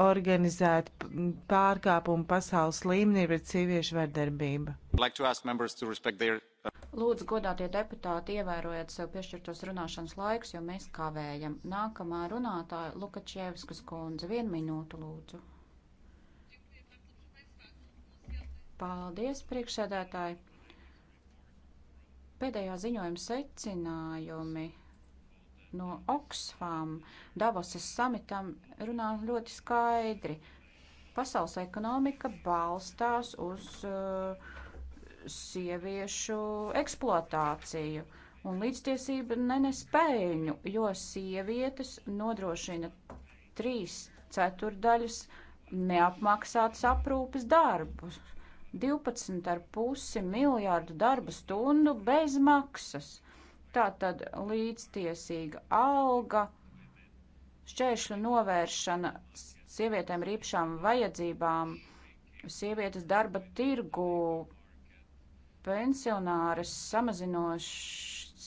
organizēta pārkāpuma pasaules līmenī pret sieviešu vardarbību. Like their... Uh, lūdzu, godātie deputāti, ievērojiet sev piešķirtos runāšanas laiks, jo mēs kavējam. Nākamā runātāja Lukačievskas kundze. Vienu minūtu, lūdzu. Paldies, priekšsēdētāji. Pēdējā ziņojuma secinājumi no Oxfam Davosas samitam runā ļoti skaidri. Pasaules ekonomika balstās uz uh, sieviešu eksploatāciju un līdztiesība nenespēļņu, jo sievietes nodrošina trīs ceturdaļas neapmaksātas aprūpes darbus. 12,5 miljārdu darba stundu bez maksas. Tātad līdztiesīga alga, šķēršļu novēršana sievietēm ar īpašām vajadzībām, sievietes darba tirgu, pensionāres samazinošs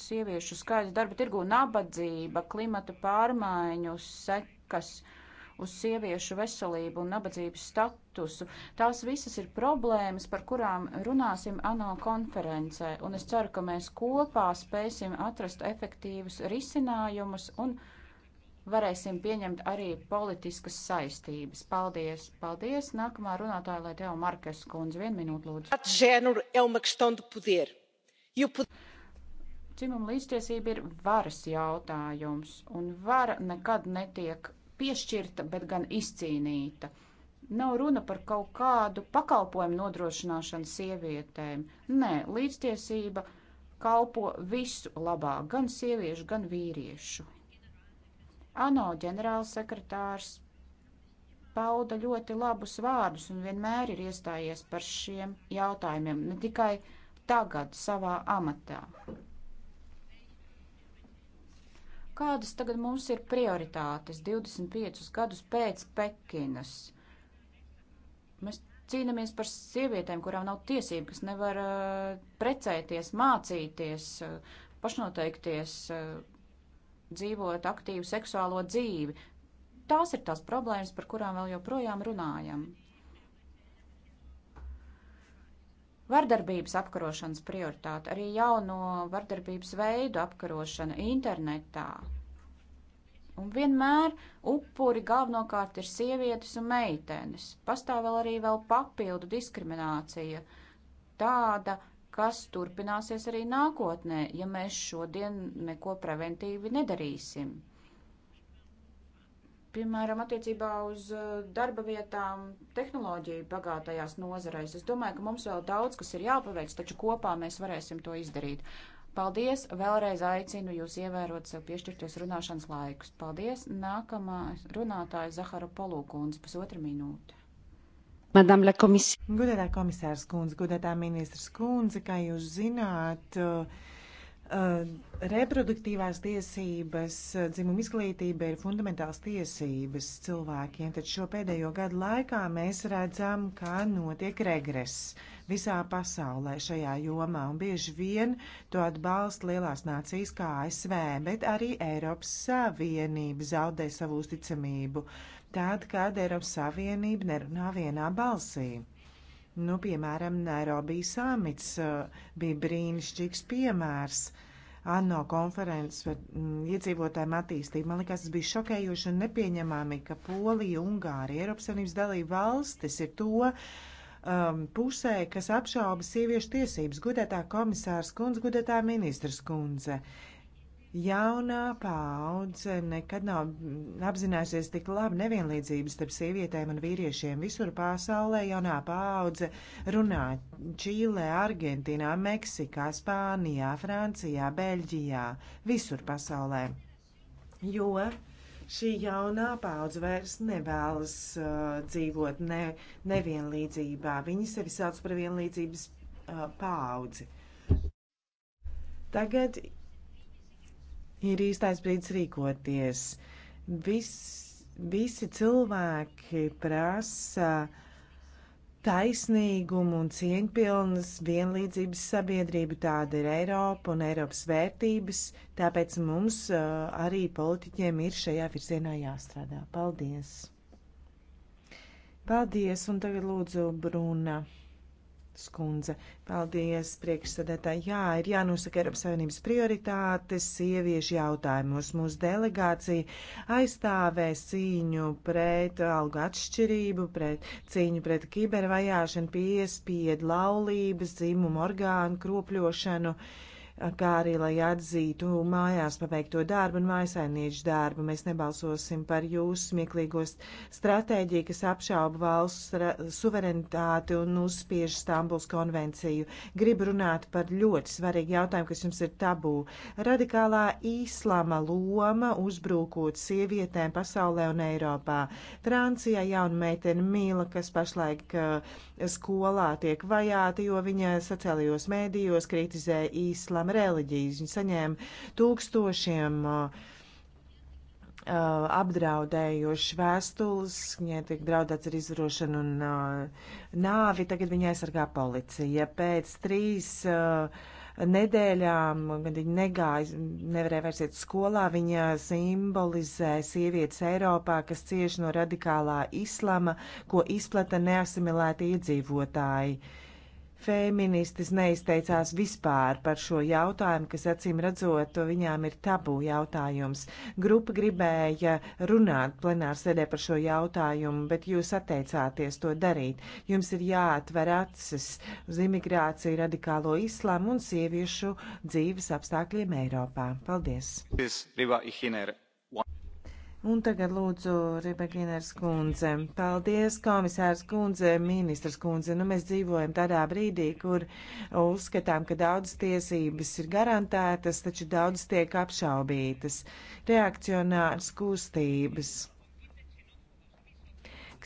sieviešu skaits darba tirgu, nabadzība, klimata pārmaiņu sekas. Uh, uz sieviešu veselību un nabadzības statusu. Tās visas ir problēmas, par kurām runāsim ANO konferencē, un es ceru, ka mēs kopā spēsim atrast efektīvus risinājumus un varēsim pieņemt arī politiskas saistības. Paldies! Paldies! Nākamā runātāja Lietēva Markes kundze, vienu minūtu lūdzu. Dzimuma līdztiesība ir varas jautājums, un vara nekad netiek piešķirta, bet gan izcīnīta. Nav runa par kaut kādu pakalpojumu nodrošināšanu sievietēm. Nē, līdztiesība kalpo visu labā, gan sieviešu, gan vīriešu. ANO ģenerālsekretārs pauda ļoti labus vārdus un vienmēr ir iestājies par šiem jautājumiem, ne tikai tagad savā amatā. Kādas tagad mums ir prioritātes 25 gadus pēc Pekinas? Mēs cīnāmies par sievietēm, kurām nav tiesību, kas nevar uh, precēties, mācīties, uh, pašnoteikties, uh, dzīvot aktīvu seksuālo dzīvi. Tās ir tās problēmas, par kurām vēl joprojām runājam. Vardarbības apkarošanas prioritāte, arī jauno vardarbības veidu apkarošana internetā. Un vienmēr upuri galvenokārt ir sievietes un meitenes. Pastāv vēl arī vēl papildu diskriminācija, tāda, kas turpināsies arī nākotnē, ja mēs šodien neko preventīvi nedarīsim. Piemēram, attiecībā uz uh, darba vietām tehnoloģiju bagātajās nozareis. Es domāju, ka mums vēl daudz, kas ir jāpaveic, taču kopā mēs varēsim to izdarīt. Paldies! Vēlreiz aicinu jūs ievērot sev piešķirtos runāšanas laikus. Paldies! Nākamā runātāja Zahara Polūkundze, pusotra minūte. Madame la komisija. Gudētā komisārs kundze, gudētā ministrs kundze, kā jūs zināt, uh, Eh, reproduktīvās tiesības, eh, dzimuma izglītība ir fundamentāls tiesības cilvēkiem, taču šo pēdējo gadu laikā mēs redzam, ka notiek regress visā pasaulē šajā jomā, un bieži vien to atbalsta lielās nācijas kā ASV, bet arī Eiropas Savienība zaudē savu uzticamību, tad, kad Eiropas Savienība nerunā vienā balsī. Nu, piemēram, Nairobi samits uh, bija brīnišķīgs piemērs. ANO konferences par mm, iedzīvotājiem attīstību. Man liekas, tas bija šokējoši un nepieņemami, ka Polija, Ungārija, Eiropas Savienības dalība valstis ir to um, pusē, kas apšauba sieviešu tiesības. Gudētā komisārs kundze, gudētā ministrs kundze. Uh, Jaunā paudze nekad nav apzinājusies tik labi nevienlīdzības starp sievietēm un vīriešiem. Visur pasaulē jaunā paudze runā Čīlē, Argentīnā, Meksikā, Spānijā, Francijā, Beļģijā, visur pasaulē. Jo šī jaunā paudze vairs nevēlas uh, dzīvot ne, nevienlīdzībā. Viņi sevi sauc par vienlīdzības uh, paudzi. Tagad ir īstais brīdis rīkoties. Vis, visi cilvēki prasa taisnīgumu un cieņpilnas vienlīdzības sabiedrību. Tāda ir Eiropa un Eiropas vērtības, tāpēc mums arī politiķiem ir šajā virzienā jāstrādā. Paldies! Paldies, un tagad lūdzu Bruna. Skundze. Paldies, priekšsēdētāji. Jā, ir jānosaka Eiropas Savienības prioritātes sieviešu jautājumos. Mūsu delegācija aizstāvēs cīņu pret algu atšķirību, pret cīņu pret kibervajāšanu, piespiedu, laulības, dzimumu orgānu kropļošanu. Uh, kā arī lai atzītu mājās paveikto darbu un mājasainiešu darbu. Mēs nebalsosim par jūsu smieklīgos stratēģiju, kas apšauba valsts suverenitāti un uzspiež Stambuls konvenciju. Gribu runāt par ļoti svarīgu jautājumu, kas jums ir tabū. Radikālā īslama loma uzbrūkot sievietēm pasaulē un Eiropā. Francijā jauna meitene Mīla, kas pašlaik uh, skolā tiek vajāta, jo viņa sociālajos mēdījos kritizē īslamu dažādām reliģijas. Viņi saņēma tūkstošiem uh, uh apdraudējošas vēstules, viņai tiek draudēts ar izvarošanu un uh, nāvi. Tagad viņai aizsargā policija. Pēc trīs uh, nedēļām, kad viņa negāja, nevarēja vairs iet skolā, viņa simbolizē sievietes Eiropā, kas cieši no radikālā islama, ko izplata neasimilēti iedzīvotāji. Uh, feministis neizteicās vispār par šo jautājumu, kas acīm redzot, viņām ir tabū jautājums. Grupa gribēja runāt plenārsēdē par šo jautājumu, bet jūs atteicāties to darīt. Jums ir jāatver acis uz imigrāciju, radikālo islāmu un sieviešu dzīves apstākļiem Eiropā. Paldies! Un tagad lūdzu Rebekiners kundze. Paldies, komisārs kundze, ministrs kundze. Nu, mēs dzīvojam tādā brīdī, kur uzskatām, ka daudzas tiesības ir garantētas, taču daudzas tiek apšaubītas. Reakcionārs kustības.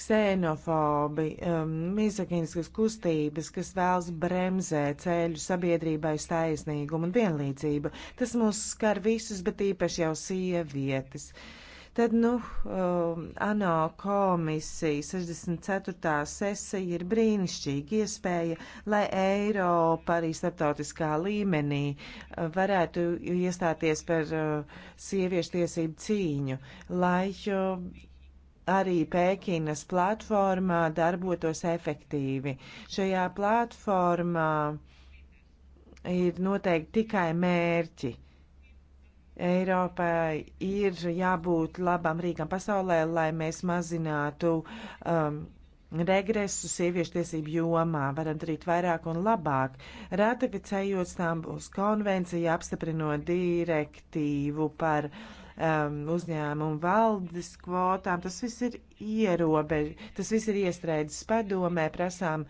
Ksenofobi, um, mizakiniskas kustības, kas vēlas bremzēt ceļu sabiedrībai taisnīgumu un vienlīdzību. Tas mūs skar visus, bet īpaši jau sievietes. Uh, Tad, nu, um, ANO komisija 64. sesija ir brīnišķīga iespēja, lai Eiropa arī starptautiskā līmenī uh, varētu iestāties par uh, sieviešu tiesību cīņu, lai uh, arī Pēkinas platformā darbotos efektīvi. Šajā platformā ir noteikti tikai mērķi Eiropai ir jābūt labam rīkam pasaulē, lai mēs mazinātu um, regresu sieviešu tiesību jomā, varam darīt vairāk un labāk, ratificējot Stambuls konvenciju, apstiprinot direktīvu par um, uzņēmumu valdes kvotām. Tas viss ir ierobež, tas viss ir iestrēdzis padomē, prasām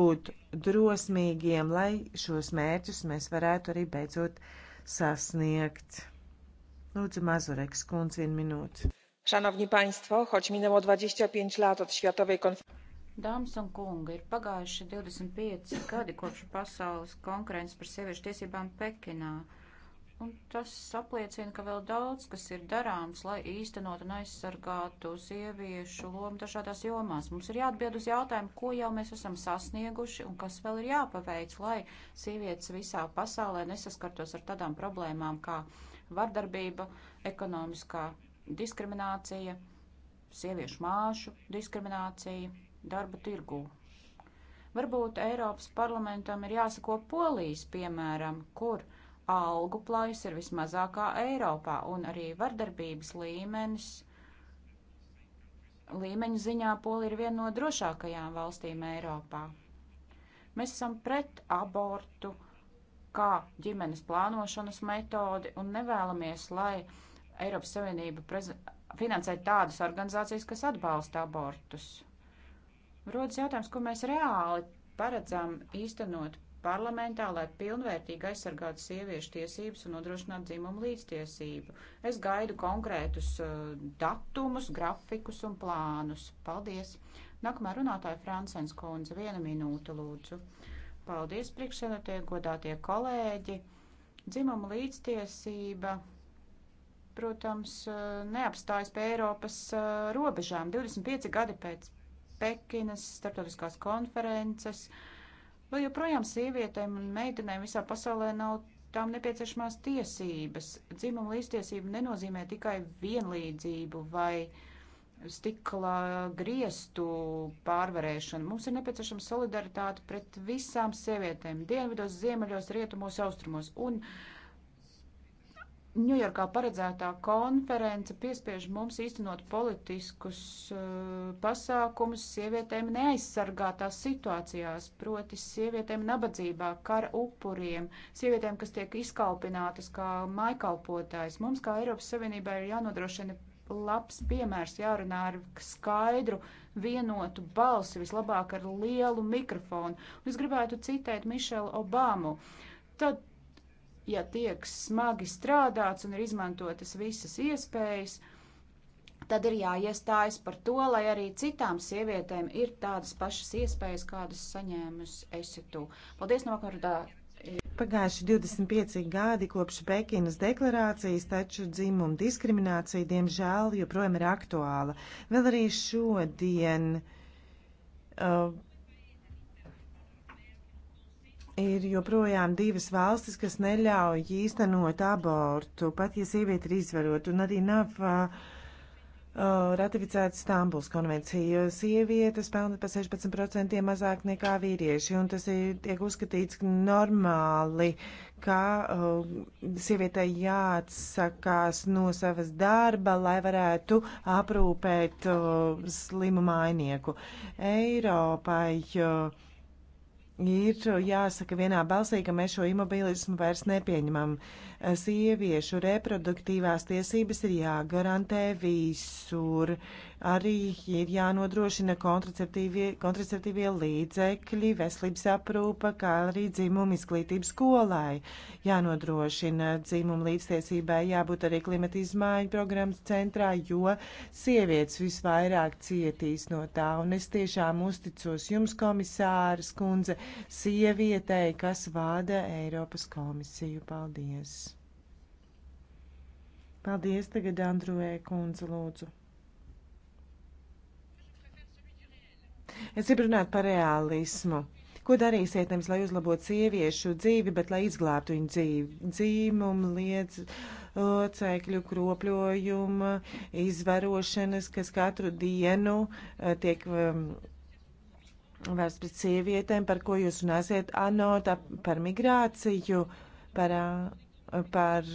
būt drosmīgiem, lai šos mērķus mēs varētu arī beidzot sasniegt. Lūdzu, Mazureks, kundze, vienu minūti. Szanowni Państwo, choć minęło 25 lat od światowej konferencji. Dāmas un kungi, ir pagājuši 25 gadi kopš pasaules konkurences par sieviešu tiesībām Pekinā. Un tas apliecina, ka vēl daudz, kas ir darāms, lai īstenot un aizsargātu sieviešu lomu dažādās jomās. Mums ir jāatbild uz jautājumu, ko jau mēs esam sasnieguši un kas vēl ir jāpaveic, lai sievietes visā pasaulē nesaskartos ar tādām problēmām kā vardarbība, ekonomiskā diskriminācija, sieviešu māšu diskriminācija darba tirgū. Varbūt Eiropas parlamentam ir jāsako Polijas piemēram, kur algu plājas ir vismazākā Eiropā un arī vardarbības līmenis. Līmeņa ziņā Polija ir viena no drošākajām valstīm Eiropā. Mēs esam pret abortu, uh, kā ģimenes plānošanas metodi un nevēlamies, lai Eiropas Savienība finansē tādas organizācijas, kas atbalsta abortus. Rodas jautājums, ko mēs reāli paredzam īstenot parlamentā, lai pilnvērtīgi aizsargātu sieviešu tiesības un nodrošinātu dzimumu līdztiesību. Es gaidu konkrētus uh, datumus, grafikus un plānus. Paldies! Nākamā runātāja Francens Konze, viena minūte lūdzu. Uh, Paldies, priekšsēdētāji, godātie kolēģi! Dzimuma līdztiesība, protams, eh, neapstājas pie Eiropas eh, robežām. 25 gadi pēc Pekinas starptautiskās konferences, vēl joprojām sievietēm un meitenēm visā pasaulē nav tām nepieciešamās tiesības. Dzimuma līdztiesība nenozīmē tikai vienlīdzību vai vienlīdzību stikla griestu pārvarēšanu. Mums ir nepieciešama solidaritāte pret visām sievietēm - dienvidos, ziemeļos, rietumos, austrumos. Un Ņujorkā paredzētā konference piespiež mums īstenot politiskus uh, pasākumus sievietēm neaizsargātās situācijās, proti sievietēm nabadzībā, kara upuriem, sievietēm, kas tiek izkalpinātas kā maikalpotājs. Mums kā Eiropas Savienībai ir jānodrošina labs piemērs, jārunā ar skaidru, vienotu balsi, vislabāk ar lielu mikrofonu. Un es gribētu citēt Mišelu Obamu. Tad, ja tiek smagi strādāts un ir izmantotas visas iespējas, tad ir jāiestājas par to, lai arī citām sievietēm ir tādas pašas iespējas, kādas saņēmusi esi tu. Paldies, nākamā Pagājuši 25 gadi kopš Pekinas deklarācijas, taču dzimuma diskriminācija, diemžēl, joprojām ir aktuāla. Vēl arī šodien uh, ir joprojām divas valstis, kas neļauj īstenot abortu, pat ja sieviete ir izvarota, un arī nav. Uh, Uh, ratificēta Stambuls konvencija. Sievietes pelna pa 16% mazāk nekā vīrieši, un tas ir, tiek uzskatīts normāli, ka uh, sievietei jāatsakās no savas darba, lai varētu aprūpēt uh, slimu mainieku. Eiropai. Uh, ir jāsaka vienā balsī, ka mēs šo imobilismu vairs nepieņemam. Sieviešu reproduktīvās tiesības ir jāgarantē visur arī ir jānodrošina kontraceptīvie, kontraceptīvie līdzekļi, veselības aprūpa, kā arī dzimuma izglītība skolai. Jānodrošina dzimuma līdztiesībai, jābūt arī klimata izmaiņu programmas centrā, jo sievietes visvairāk cietīs no tā. Un es tiešām uzticos jums, komisāras kundze, sievietei, kas vada Eiropas komisiju. Paldies! Paldies tagad Andrujai kundze lūdzu. Es gribu runāt par realismu. Ko darīsiet nevis, lai uzlabotu sieviešu dzīvi, bet lai izglābtu viņu dzīvi? Dzīmumu, liedz, cēkļu kropļojuma, izvarošanas, kas katru dienu eh, tiek um, vērsts pret sievietēm, par ko jūs runāsiet, ANO, par migrāciju, par, par, par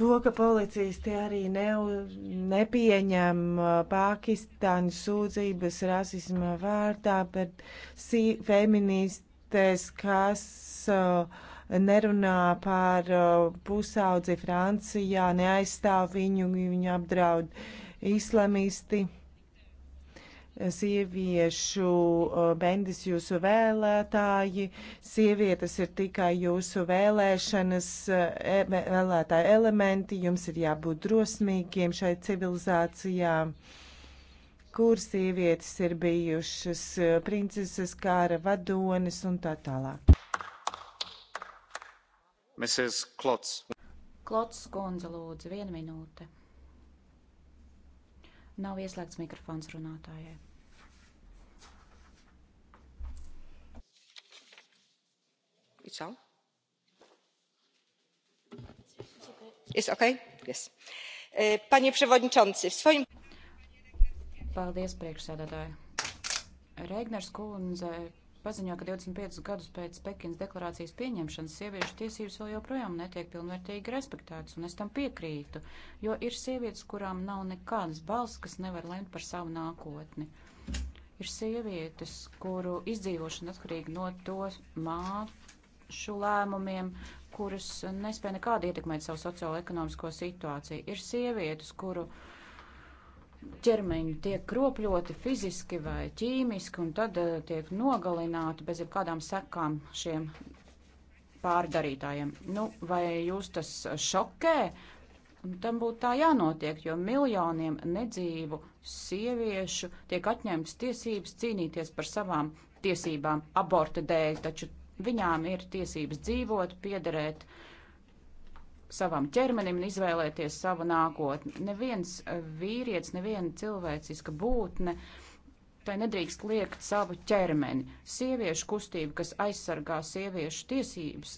to, ka policisti arī ne, nepieņem uh, Pakistāņu sūdzības rasisma vārdā, bet si, feministes, kas uh, nerunā par uh, pusaudzi Francijā, neaizstāv viņu, viņu apdraud islamisti sieviešu uh, bendis jūsu vēlētāji, sievietes ir tikai jūsu vēlēšanas uh, e, vēlētāju elementi, jums ir jābūt drosmīgiem šai civilizācijā, kur sievietes ir bijušas uh, princeses, kāra vadonis un tā tālāk. Mrs. Klots. Klots, kundze, lūdzu, viena minūte. Nav ieslēgts mikrofons runātājai. It's all? It's okay? Yes. E, panie przewodniczący, w swoim. Paldies, priekšsēdētāji. Reigners Kulundze paziņo, ka 25 gadus pēc Pekinas deklarācijas pieņemšanas sieviešu tiesības vēl joprojām netiek pilnvērtīgi respektētas, un es tam piekrītu, jo ir sievietes, kurām nav nekādas balss, kas nevar lemt par savu nākotni. Ir sievietes, kuru izdzīvošana atkarīga no to māšu lēmumiem, kuras nespēja nekādi ietekmēt savu sociālo ekonomisko situāciju. Ir sievietes, kuru uh, ķermeņi tiek kropļoti fiziski vai ķīmiski un tad uh, tiek nogalināti bez jebkādām sekām šiem pārdarītājiem. Nu, vai jūs tas šokē? Un tam būtu tā jānotiek, jo miljoniem nedzīvu sieviešu tiek atņemtas tiesības cīnīties par savām tiesībām aborta dēļ, taču viņām ir tiesības dzīvot, piederēt uh, savam ķermenim un izvēlēties savu nākotni. Neviens eh, vīrietis, neviena cilvēciska būtne. Tai nedrīkst liekt savu ķermeni. Sieviešu kustība, kas aizsargā sieviešu tiesības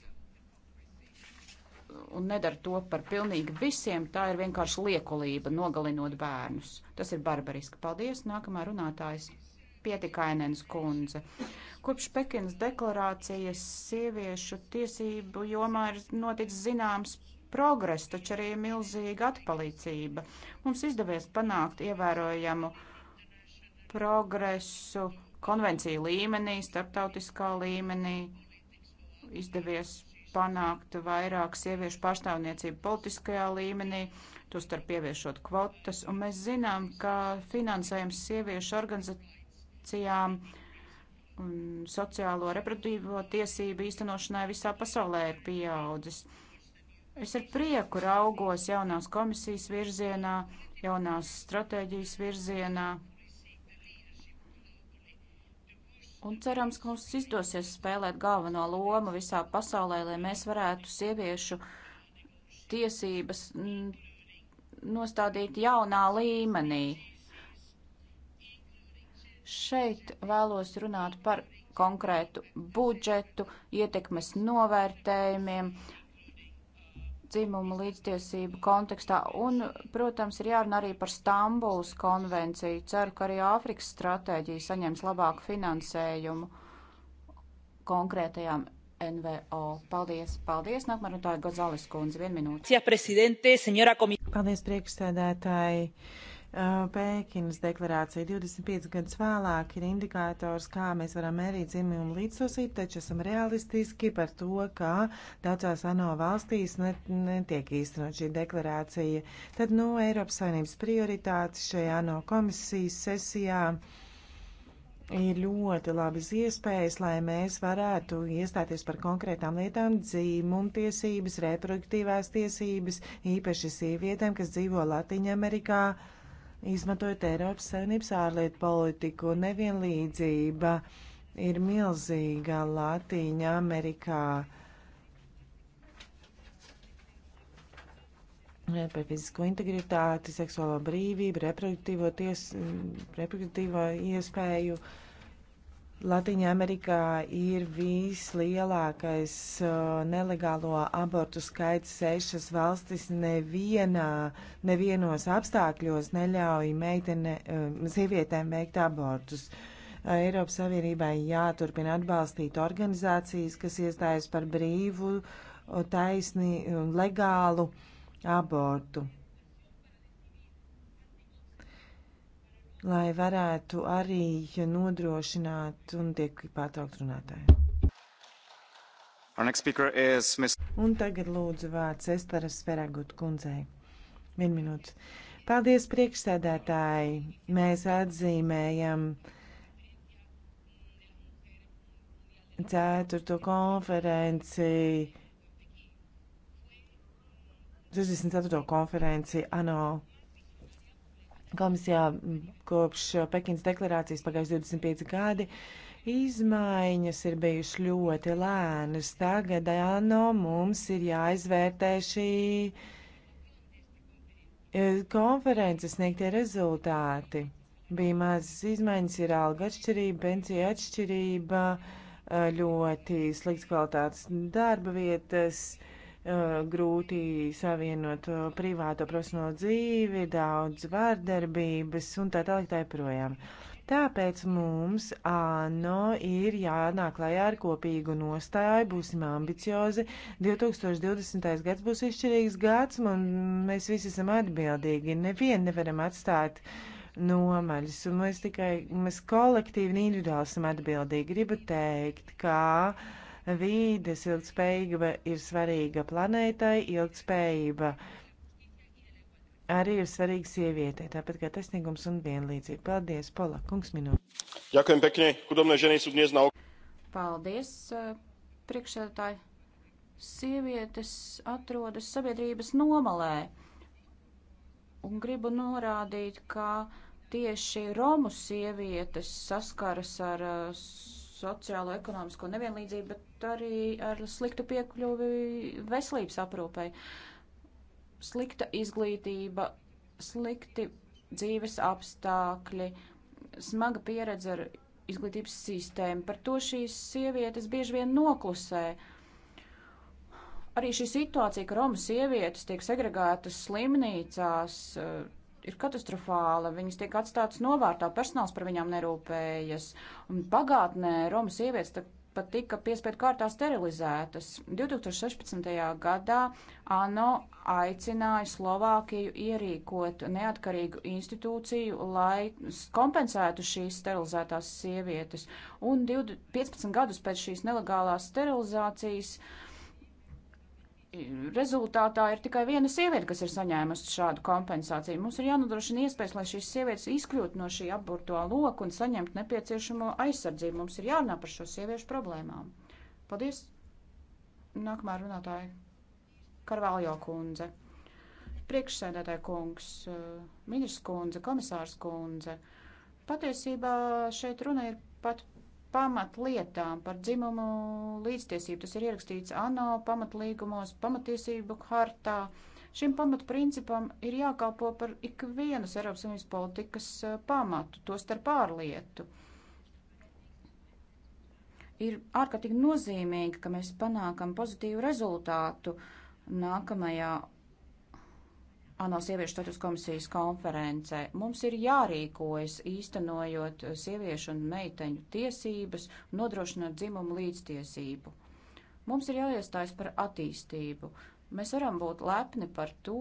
un nedara to par pilnīgi visiem, tā ir vienkārši liekulība, nogalinot bērnus. Tas ir barbariski. Paldies, nākamā runātājs Pietikainens kundze. Kopš Pekinas deklarācijas sieviešu tiesību jomā ir noticis zināms progresu, taču arī milzīga atpalīdzība. Mums izdevies panākt ievērojamu progresu konvenciju līmenī, starptautiskā līmenī. Izdevies panākt vairāk sieviešu pārstāvniecību politiskajā līmenī, tostarp ieviešot kvotas, un mēs zinām, ka finansējums sieviešu organizācijām un sociālo reproduktīvo tiesību īstenošanai visā pasaulē ir pieaudzis. Es ar prieku raugos jaunās komisijas virzienā, jaunās stratēģijas virzienā. Un cerams, ka mums izdosies spēlēt galveno lomu visā pasaulē, lai mēs varētu sieviešu tiesības mm, nostādīt jaunā līmenī. Šeit vēlos runāt par konkrētu budžetu, ietekmes novērtējumiem, uh, dzimumu līdztiesību kontekstā. Un, protams, ir jārunā arī par Stambulas konvenciju. Ceru, ka arī Āfrikas stratēģija saņems labāku finansējumu konkrētajām NVO. Paldies, paldies, nākamā runātāja Gozalis kundze, vien minūte. Paldies, priekšsēdētāji. Uh, Pēkinas deklarācija 25 gadus vēlāk ir indikators, kā mēs varam mērīt dzimumu līdzsosību, taču esam realistiski par to, ka daudzās ANO valstīs net, netiek īstenot šī deklarācija. Tad, nu, Eiropas Savienības prioritātes šajā ANO komisijas sesijā ir ļoti labas iespējas, lai mēs varētu iestāties par konkrētām lietām - dzīmumtiesības, reproduktīvās tiesības, īpaši sievietēm, kas dzīvo Latviņamerikā. Amerikā izmantojot Eiropas Savienības ārlietu politiku. Nevienlīdzība ir milzīga Latīņa Amerikā. par fizisko integritāti, seksuālo brīvību, reproduktīvo, ties, reproduktīvo iespēju uh, Latvijā Amerikā ir vislielākais uh, nelegālo abortu skaits sešas valstis. Nevienā, nevienos apstākļos neļauj meitene, uh, sievietēm veikt abortus. Uh, Eiropas Savienībai jāturpina atbalstīt organizācijas, kas iestājas par brīvu, taisni un legālu abortu. lai varētu arī nodrošināt un tiek pārtraukt runātāju. Is... Un tagad lūdzu vārds Estaras Feragut kundzei. Vienu minūti. Paldies priekšsēdētāji. Mēs atzīmējam ceturto konferenci, 24. konferenci ANO Komisijā kopš Pekinas deklarācijas pagājuši 25 gadi izmaiņas ir bijušas ļoti lēnas. Tagad, jā, no mums ir jāizvērtē šī e, konferences sniegtie rezultāti. Bija mazas izmaiņas, ir alga atšķirība, pensija atšķirība, e, ļoti slikts kvalitātes darba vietas Eh, grūti savienot eh, privāto profesionālo dzīvi, daudz vārdarbības un tā tālāk tā joprojām. Tāpēc mums ANO ir jānāk klajā ar kopīgu nostāju, būsim ambiciozi. 2020. gads būs izšķirīgs gads, un mēs visi esam atbildīgi. Nevienu nevaram atstāt nomaļas, un mēs tikai, mēs kolektīvi un individuāli esam atbildīgi. Gribu teikt, ka. Kā vīdes ilgspējība ir svarīga planētai, ilgspējība arī ir svarīga sievietei, tāpat kā taisnīgums un vienlīdzība. Paldies, Pola, kungs minūte. Jākajam pekņē, kudomnē ženīs un iesnau. Paldies, eh, priekšsēdētāji. Sievietes atrodas sabiedrības nomalē. Un gribu norādīt, ka tieši Romu sievietes saskaras ar uh, sociālo ekonomisko nevienlīdzību, bet arī ar sliktu piekļuvi veselības aprūpei. Slikta izglītība, slikti dzīves apstākļi, smaga pieredze ar izglītības sistēmu. Par to šīs sievietes bieži vien noklusē. Arī šī situācija, ka Romas sievietes tiek segregētas slimnīcās, ir katastrofāla. Viņas tiek atstātas novārtā, personāls par viņām nerūpējas. Un pagātnē Romas sievietes pat tika piespiedu kārtā sterilizētas. 2016. gadā ANO aicināja Slovākiju ierīkot neatkarīgu institūciju, lai kompensētu šīs sterilizētās sievietes. Un 15 gadus pēc šīs nelegālās sterilizācijas uh, rezultātā ir tikai viena sieviete, kas ir saņēmusi šādu kompensāciju. Mums ir jānodrošina iespējas, lai šīs sievietes izkļūtu no šī apburto loka un saņemtu nepieciešamo aizsardzību. Mums ir jārunā par šo sieviešu problēmām. Paldies! Nākamā runātāja Karvaljo kundze. Priekšsēdētāja kungs, ministrs kundze, komisārs kundze. Patiesībā šeit runa ir pat pamatlietām, par dzimumu līdztiesību. Tas ir ierakstīts ANO pamatlīgumos, pamatiesību hartā. Šim pamatprincipam ir jākalpo par ikvienas Eiropas Savienības politikas eh, pamatu, to starp ārlietu. Ir ārkārtīgi nozīmīgi, ka mēs panākam pozitīvu rezultātu nākamajā ANO sieviešu status komisijas konferencē. Mums ir jārīkojas īstenojot sieviešu un meiteņu tiesības, nodrošinot dzimumu līdztiesību. Mums ir jāiestājas par attīstību. Mēs varam būt lepni par to,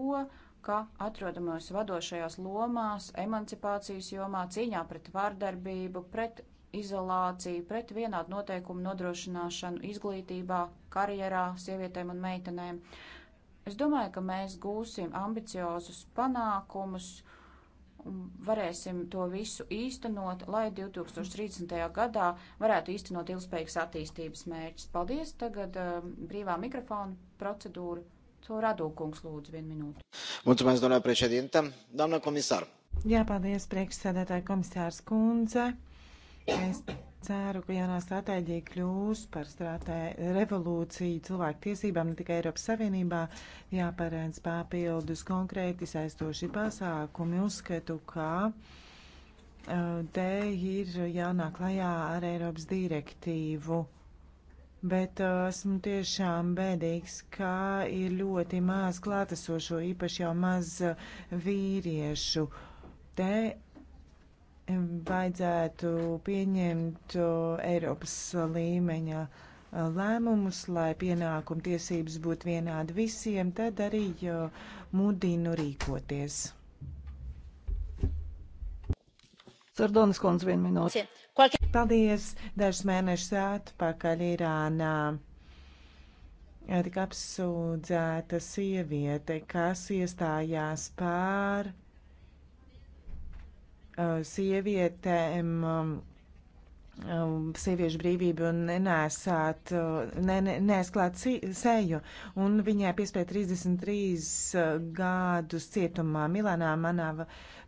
ka atrodamies vadošajās lomās, emancipācijas jomā, cīņā pret vārdarbību, pret izolāciju, pret vienādu noteikumu nodrošināšanu izglītībā, karjerā, sievietēm un meitenēm. Uh, Es domāju, ka mēs gūsim ambiciozus panākumus un varēsim to visu īstenot, lai 2030. gadā varētu īstenot ilgspējīgas attīstības mērķus. Paldies! Tagad um, brīvā mikrofona procedūra. To radūkungs lūdzu vienu minūtu. Mulțumesc, doamna președintă. Doamna comisar. Jā, paldies, priekšsēdētāja komisārs Kunze. Mēs Ceru, ka jaunā stratēģija kļūs par stratē, revolūciju cilvēku tiesībām ne tikai Eiropas Savienībā, jāparēns papildus konkrēti saistoši pasākumi. Uzskatu, ka eh, te ir jānāk klajā ar Eiropas direktīvu. Bet eh, esmu tiešām bēdīgs, ka ir ļoti maz klātesošo, īpaši jau maz vīriešu. Te vajadzētu pieņemt uh, Eiropas līmeņa uh, lēmumus, lai pienākuma tiesības būtu vienādi visiem, tad arī uh, mudinu rīkoties. Sardonis Kons, viena minūte. Paldies! Dažs mēnešus atpakaļ Irānā tika apsūdzēta sieviete, kas iestājās pār Uh, sievietēm um, um, sieviešu brīvību un nesāt, uh, ne, ne, neesklāt si, seju. Un viņai piespēja 33 uh, gadus cietumā. Milānā manā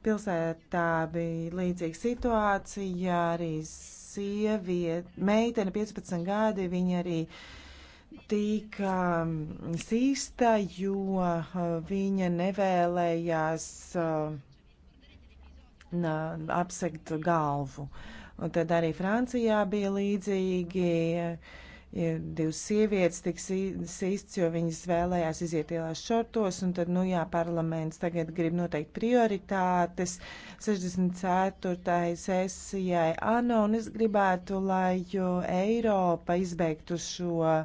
pilsētā bija līdzīga situācija. Arī sieviete, meitene 15 gadi, viņa arī tika um, sīsta, jo viņa nevēlējās uh, apsegt galvu. Un tad arī Francijā bija līdzīgi. Ir divas sievietes tiks sists, jo viņas vēlējās iziet ielās šortos, un tad, nu jā, parlaments tagad grib noteikt prioritātes 64. sesijai ANO, un es gribētu, lai Eiropa izbeigtu šo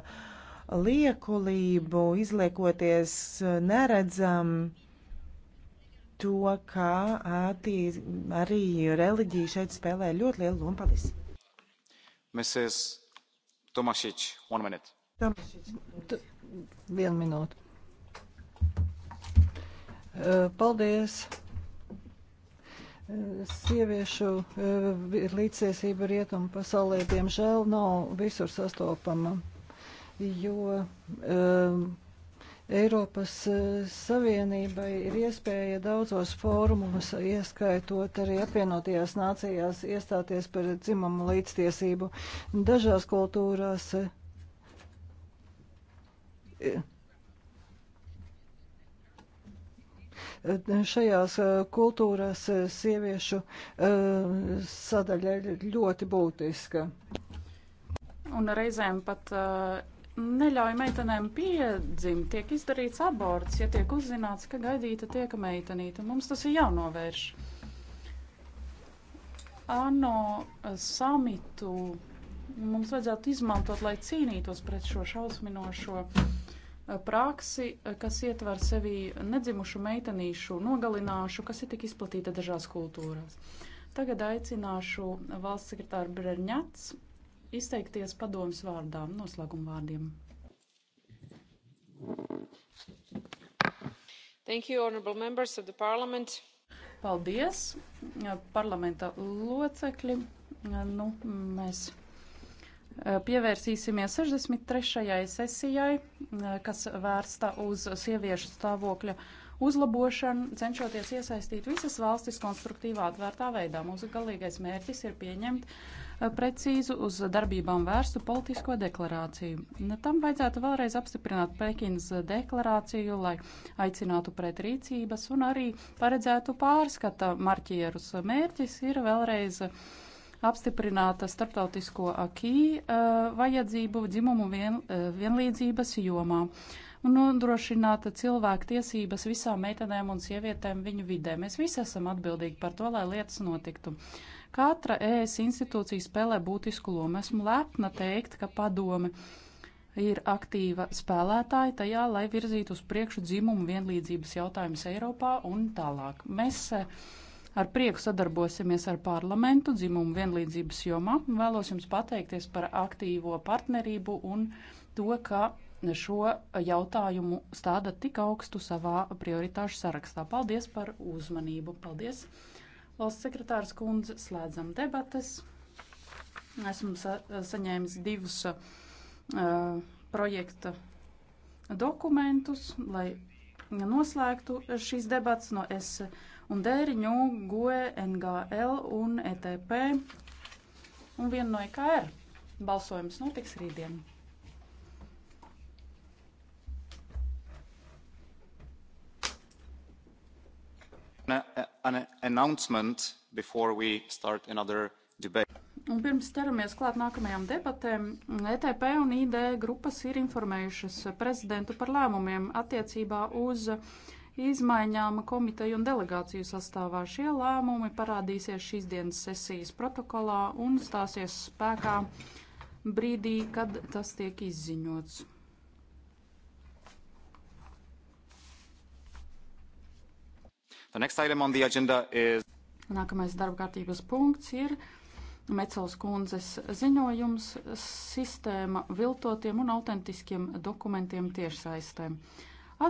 liekulību, izliekoties neredzam to, ka attī, arī reliģija šeit spēlē ļoti lielu lomu. Paldies! Mrs. Tomašič, one minute. Tomašič, vienu minūtu. Paldies! Sieviešu līdzsiesība rietumu pasaulē, diemžēl, nav visur sastopama, jo Eiropas eh, Savienībai ir iespēja daudzos fórumos, ieskaitot arī apvienotajās nācijās, iestāties par dzimumu līdztiesību. Dažās kultūrās eh, eh, šajās kultūrās sieviešu sadaļa ir ļoti būtiska. Un reizēm pat uh, neļauj meitenēm piedzimt, tiek izdarīts aborts, ja tiek uzzināts, ka gaidīta tiek meitenīta. Mums tas ir jānovērš. ANO eh, samitu mums vajadzētu izmantot, lai cīnītos pret šo šausminošo eh, praksi, eh, kas ietver sevī nedzimušu meitenīšu nogalināšu, kas ir tik izplatīta dažās kultūrās. Tagad aicināšu valsts sekretāru Brerņats izteikties padomus vārdām, noslēguma vārdiem. Thank you, honorable members of the parliament. Paldies, parlamenta locekļi. Nu, mēs pievērsīsimies 63. sesijai, kas vērsta uz sieviešu stāvokļa uzlabošanu, cenšoties iesaistīt visas valstis konstruktīvā atvērtā veidā. Mūsu galīgais mērķis ir pieņemt precīzu uz darbībām vērstu politisko deklarāciju. Tam vajadzētu vēlreiz apstiprināt Pekinas deklarāciju, lai aicinātu pret rīcības un arī paredzētu pārskata marķierus. Mērķis ir vēlreiz apstiprināta starptautisko akī vajadzību dzimumu vien, vienlīdzības jomā un nodrošināta cilvēku tiesības visām meitenēm un sievietēm viņu vidē. Mēs visi esam atbildīgi par to, lai lietas notiktu. Katra ES institūcija spēlē būtisku lomu. Esmu lepna teikt, ka padome ir aktīva spēlētāja tajā, lai virzītu uz priekšu dzimumu vienlīdzības jautājumus Eiropā un tālāk. Mēs eh, ar prieku sadarbosimies ar parlamentu dzimumu vienlīdzības jomā. Vēlos jums pateikties par aktīvo partnerību un to, ka šo jautājumu stāda tik augstu savā prioritāšu sarakstā. Paldies par uzmanību! Paldies! Valsts sekretārs kundze, slēdzam debates. Esmu sa saņēmis divus uh, projekta dokumentus, lai noslēgtu šīs debats no S un Dēriņu, GOE, NGL un ETP un vienu no EKR. Balsojums notiks rītdien. an announcement before we start another debate. Un pirms ķeramies klāt nākamajām debatēm, ETP un ID grupas ir informējušas prezidentu par lēmumiem attiecībā uz izmaiņām komiteju un delegāciju sastāvā. Šie lēmumi parādīsies šīs dienas sesijas protokolā un stāsies spēkā brīdī, kad tas tiek izziņots. Is... Nākamais darba kārtības punkts ir Mecels kundzes ziņojums sistēma viltotiem un autentiskiem dokumentiem tiešsaistēm.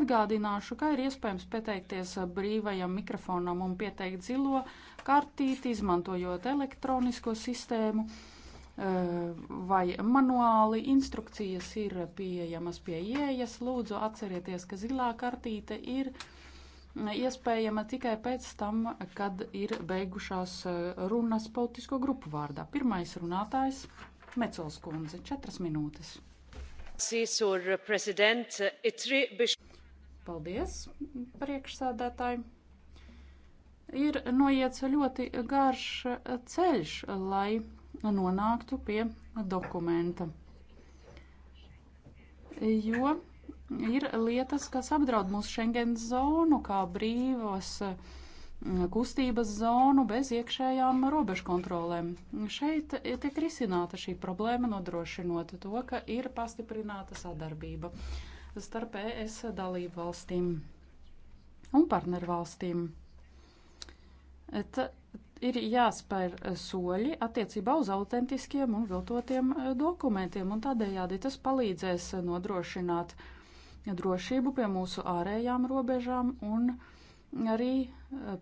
Atgādināšu, ka ir iespējams pieteikties brīvajam mikrofonam un pieteikt zilo kartīti, izmantojot elektronisko sistēmu eh, vai manuāli. Instrukcijas ir pieejamas pie ieejas. Lūdzu, atcerieties, ka zilā kartīte ir iespējama tikai pēc tam, kad ir beigušās eh, runas politisko grupu vārdā. Pirmais runātājs - Mecols kundze, četras minūtes. Eh, eh, Paldies, priekšsēdētāji. Ir noiets ļoti garš ceļš, lai nonāktu pie dokumenta. Jo ir lietas, kas apdraud mūsu Schengen zonu kā brīvas mm, kustības zonu bez iekšējām robežu kontrolēm. Šeit tiek risināta šī problēma, nodrošinot to, ka ir pastiprināta sadarbība starp ES dalību valstīm un partneru valstīm. Ta ir jāspēr soļi attiecībā uz autentiskiem un viltotiem eh, dokumentiem, un tādējādi tas palīdzēs nodrošināt uh, drošību pie mūsu ārējām robežām un arī eh,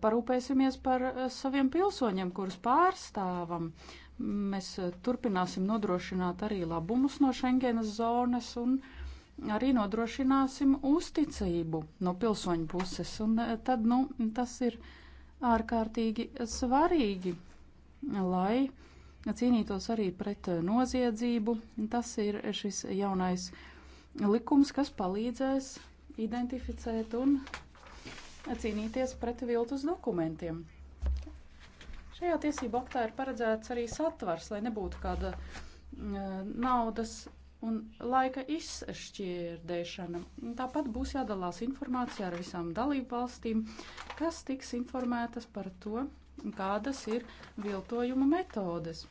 parūpēsimies par eh, saviem pilsoņiem, kurus pārstāvam. Mēs eh, turpināsim nodrošināt arī labumus no Schengenas zonas un arī nodrošināsim uzticību no pilsoņu puses. Un tad, nu, tas ir ārkārtīgi svarīgi, lai cīnītos arī pret noziedzību. Tas ir šis jaunais likums, kas palīdzēs identificēt un cīnīties pret viltus dokumentiem. Šajā tiesību aktā ir paredzēts arī satvars, lai nebūtu kāda mm, naudas un laika izšķirdēšana. Tāpat būs jādalās informācija ar visām dalību valstīm, kas tiks informētas par to, kādas ir viltojuma metodes.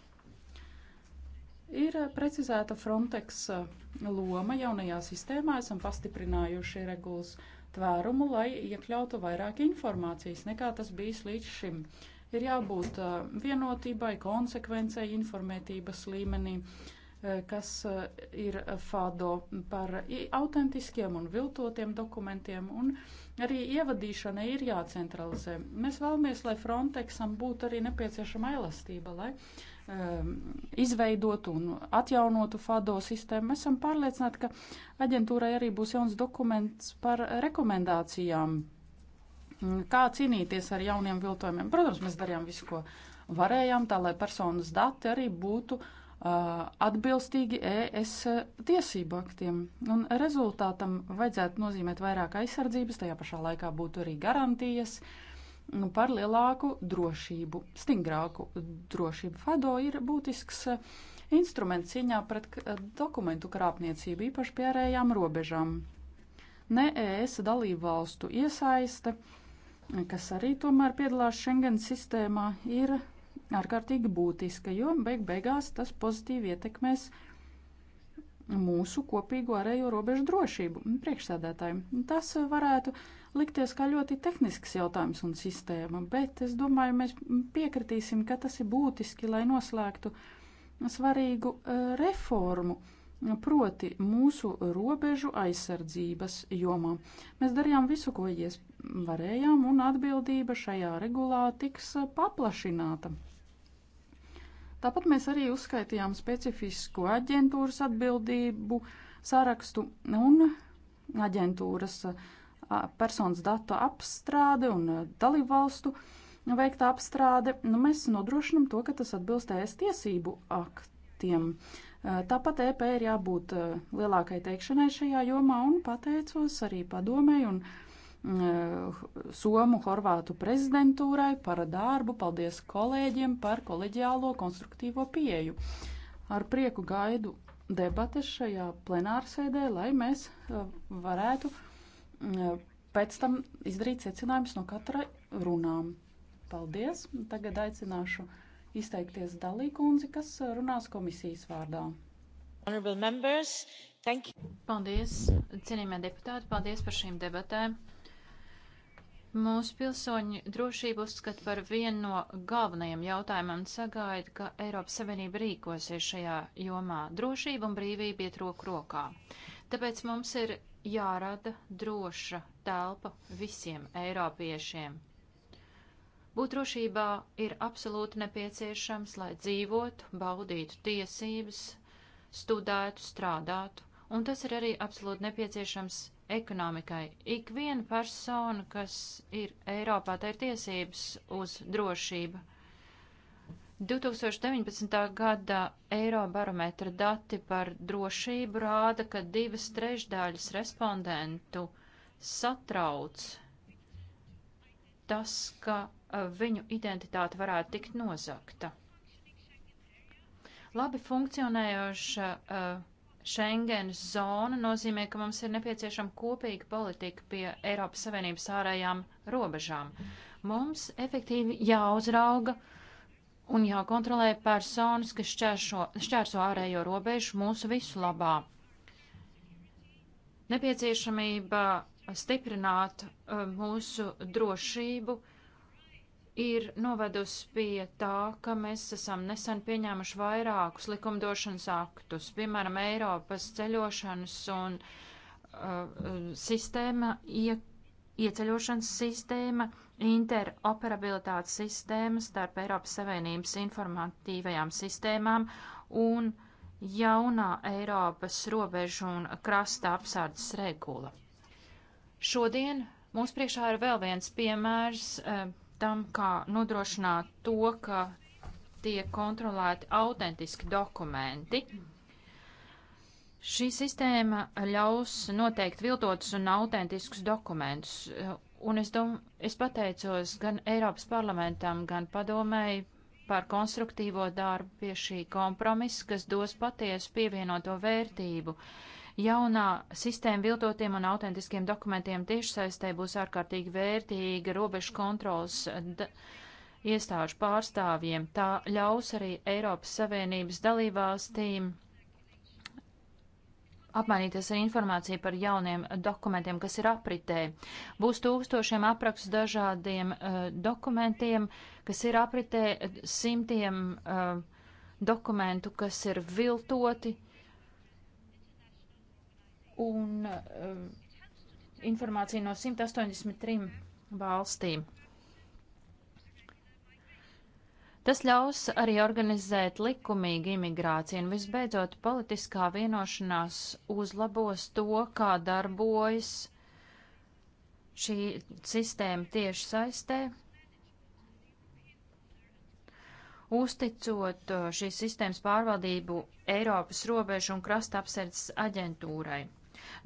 Ir eh, precizēta Frontex eh, loma jaunajā sistēmā. Esam pastiprinājuši regulas tvērumu, lai iekļautu vairāk informācijas nekā tas bijis līdz šim. Ir jābūt eh, vienotībai, konsekvencei, informētības līmenī kas ir FADO par autentiskiem un viltotiem dokumentiem, un arī ievadīšana ir jācentralizē. Mēs vēlamies, lai Frontexam būtu arī nepieciešama elastība, lai Um, izveidotu un atjaunotu FADO sistēmu. Mēs esam pārliecināti, ka aģentūrai arī būs jauns dokuments par rekomendācijām, mm, kā cīnīties ar jauniem viltojumiem. Protams, mēs darījām visu, ko varējām, tā lai personas dati arī būtu uh, atbilstīgi ES tiesību aktiem. Un rezultātam vajadzētu nozīmēt vairāk aizsardzības, tajā pašā laikā būtu arī garantijas. Uh, par lielāku drošību, stingrāku drošību. FADO ir būtisks eh, instruments cīņā pret eh, dokumentu krāpniecību, īpaši pie ārējām robežām. Ne ES dalību valstu iesaiste, kas arī tomēr piedalās Schengen sistēmā, ir ārkārtīgi būtiska, jo beig beigās tas pozitīvi ietekmēs mūsu kopīgo ārējo robežu drošību priekšsēdētājiem. Tas varētu uh, likties kā ļoti tehnisks jautājums un sistēma, bet es domāju, mēs piekritīsim, ka tas ir būtiski, lai noslēgtu svarīgu e, reformu. Proti mūsu robežu aizsardzības jomā. Mēs darījām visu, ko varējām, un atbildība šajā regulā tiks e, paplašināta. Tāpat mēs arī uzskaitījām specifisku aģentūras atbildību sarakstu un aģentūras uh, personas datu apstrāde un dalībvalstu veikta apstrāde, nu, mēs nodrošinam to, ka tas atbilst ES tiesību aktiem. Tāpat EP ir jābūt lielākai teikšanai šajā jomā un pateicos arī padomēji un Somu Horvātu prezidentūrai par darbu, paldies kolēģiem par koleģiālo konstruktīvo pieeju. Ar prieku gaidu debates šajā plenārsēdē, lai mēs varētu uh, pēc tam izdarīt secinājumus no katra runām. Paldies! Tagad aicināšu izteikties dalīkundzi, kas runās komisijas vārdā. Paldies, cienījamie deputāti, paldies par šīm debatēm. Mūsu pilsoņu drošību uzskat par vienu no galvenajiem jautājumiem un sagaida, ka Eiropas Savienība rīkosies šajā jomā. Drošība un brīvība iet roku rokā. Tāpēc mums ir jārada droša telpa visiem eiropiešiem. Būt drošībā ir absolūti nepieciešams, lai dzīvotu, baudītu tiesības, studētu, strādātu, un tas ir arī absolūti nepieciešams ekonomikai. Ik viena persona, kas ir Eiropā, tai ir tiesības uz drošību. 2019. gada Eirobarometra dati par drošību rāda, ka divas trešdaļas respondentu satrauc tas, ka viņu identitāte varētu tikt nozakta. Labi funkcionējoša Schengenas zona nozīmē, ka mums ir nepieciešama kopīga politika pie Eiropas Savienības ārējām robežām. Mums efektīvi jāuzrauga uh, un jākontrolē personas, kas šķēršo, šķērso ārējo robežu mūsu visu labā. Nepieciešamība stiprināt uh, mūsu drošību ir novedusi pie tā, ka mēs esam nesen pieņēmuši vairākus likumdošanas aktus, piemēram, Eiropas ceļošanas un uh, uh sistēma, ie, ieceļošanas sistēma interoperabilitātes sistēmas starp Eiropas Savienības informatīvajām sistēmām un jaunā Eiropas robežu un krasta apsardzes regula. Šodien mums priekšā ir vēl viens piemērs eh, tam, kā nodrošināt to, ka tiek kontrolēti autentiski dokumenti. Šī sistēma ļaus noteikt viltotus un autentiskus dokumentus, eh, Un es domāju, es pateicos gan Eiropas parlamentam, gan padomēji par konstruktīvo darbu pie šī kompromisa, kas dos patiesu pievienoto vērtību. Jaunā sistēma viltotiem un autentiskiem dokumentiem tiešsaistē būs ārkārtīgi vērtīga robežu kontrols iestāžu pārstāvjiem. Tā ļaus arī Eiropas Savienības dalībvalstīm apmainīties ar informāciju par jauniem dokumentiem, kas ir apritē. Būs tūkstošiem aprakstu dažādiem uh, dokumentiem, kas ir apritē, simtiem uh, dokumentu, kas ir viltoti. Un uh, informācija no 183 valstīm. Tas ļaus arī organizēt likumīgu imigrāciju un visbeidzot politiskā vienošanās uzlabos to, kā darbojas šī sistēma tieši saistē, uzticot uh, šīs sistēmas pārvaldību Eiropas robežu un krasta apsardzes aģentūrai.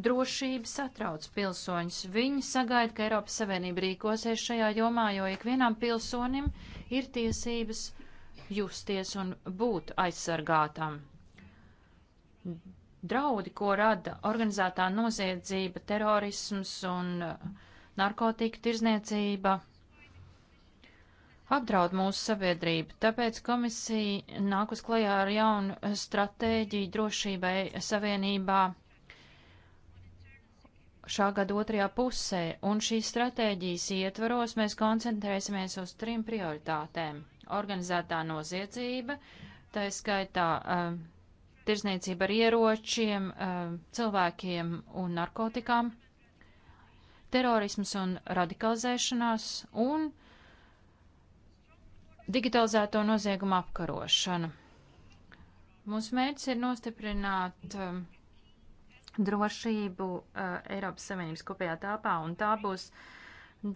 Drošība satrauc pilsoņus. Viņi sagaida, ka Eiropas Savienība rīkosies šajā jomā, jo ikvienam pilsonim ir tiesības justies un būt aizsargātam. Draudi, ko rada organizētā noziedzība, terorisms un uh, narkotika tirzniecība, apdraud mūsu sabiedrību, tāpēc komisija nāk uz klajā ar jaunu stratēģiju drošībai savienībā šā gada otrajā pusē, un šīs stratēģijas ietvaros mēs koncentrēsimies uz trim prioritātēm - organizētā noziedzība, tā skaitā uh, tirzniecība ar ieročiem, uh, cilvēkiem un narkotikām, terorisms un radikalizēšanās un digitalizēto noziegumu apkarošana. Mūsu mērķis ir nostiprināt uh, drošību uh, Eiropas Savienības kopējā tāpā, un tā būs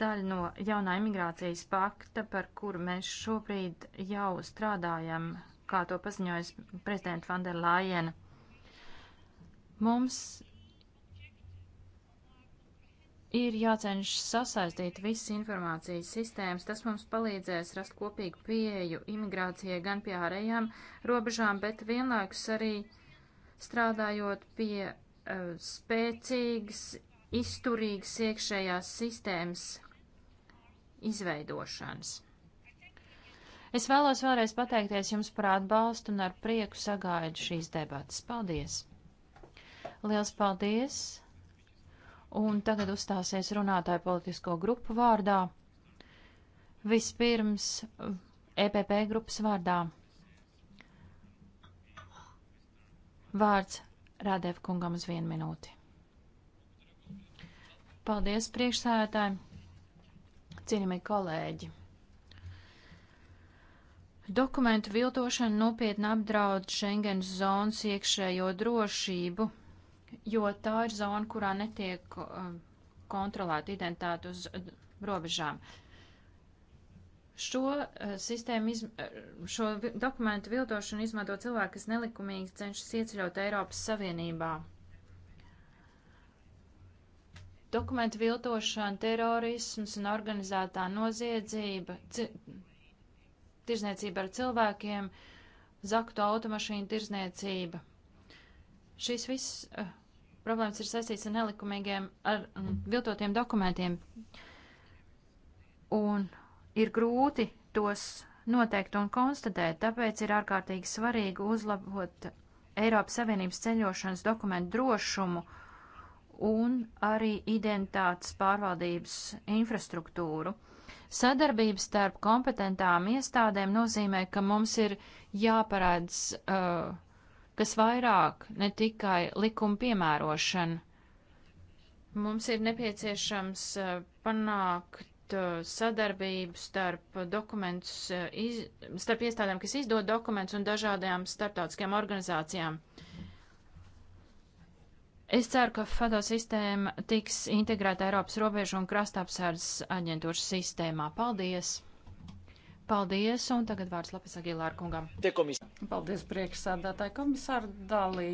daļa no jaunā imigrācijas pakta, par kuru mēs šobrīd jau strādājam, kā to paziņojas prezidenta Vanderlājena. Mums ir jācenšas sasaistīt visas informācijas sistēmas. Tas mums palīdzēs rast kopīgu pieeju imigrācijai gan pie ārējām robežām, bet vienlaikus arī strādājot pie Eh, spēcīgas, izturīgas iekšējās sistēmas izveidošanas. Es vēlos vēlreiz pateikties jums par atbalstu un ar prieku sagaidu šīs debatas. Paldies! Liels paldies! Un tagad uzstāsies runātāja politisko grupu vārdā. Vispirms EPP eh, e grupas vārdā. Vārds Rādēv kungam uz vienu minūti. Paldies, priekšsēdētāji, cienījamie kolēģi. Dokumentu viltošana nopietni apdraud Schengens zonas iekšējo drošību, jo tā ir zona, kurā netiek uh, kontrolēta identitāte uz robežām. Uh, Šo eh, sistēmu, iz, eh, šo dokumentu viltošanu izmanto cilvēki, kas nelikumīgi cenšas ieceļot Eiropas Savienībā. Dokumentu viltošana, terorisms un organizētā noziedzība, tirzniecība ar cilvēkiem, zaktu automašīnu tirzniecība. Šis viss uh, problēmas ir saistīts ar nelikumīgiem, ar mm, viltotiem dokumentiem. Un ir grūti tos noteikt un konstatēt, tāpēc ir ārkārtīgi svarīgi uzlabot Eiropas Savienības ceļošanas dokumentu drošumu un arī identitātes pārvaldības infrastruktūru. Sadarbības starp kompetentām iestādēm nozīmē, ka mums ir jāparādz uh, kas vairāk, ne tikai likuma piemērošana. Mums ir nepieciešams uh, panākt Uh, sadarbību starp dokumentus, uh, iz, starp iestādēm, kas izdod dokumentus un dažādajām starptautiskajām organizācijām. Es ceru, ka FADO sistēma tiks integrēta Eiropas robežu un krastapsardzes aģentūras sistēmā. Paldies! Paldies, un tagad vārds Lapis Agilāra kungam. Paldies, priekšsādātāji komisāri dalī.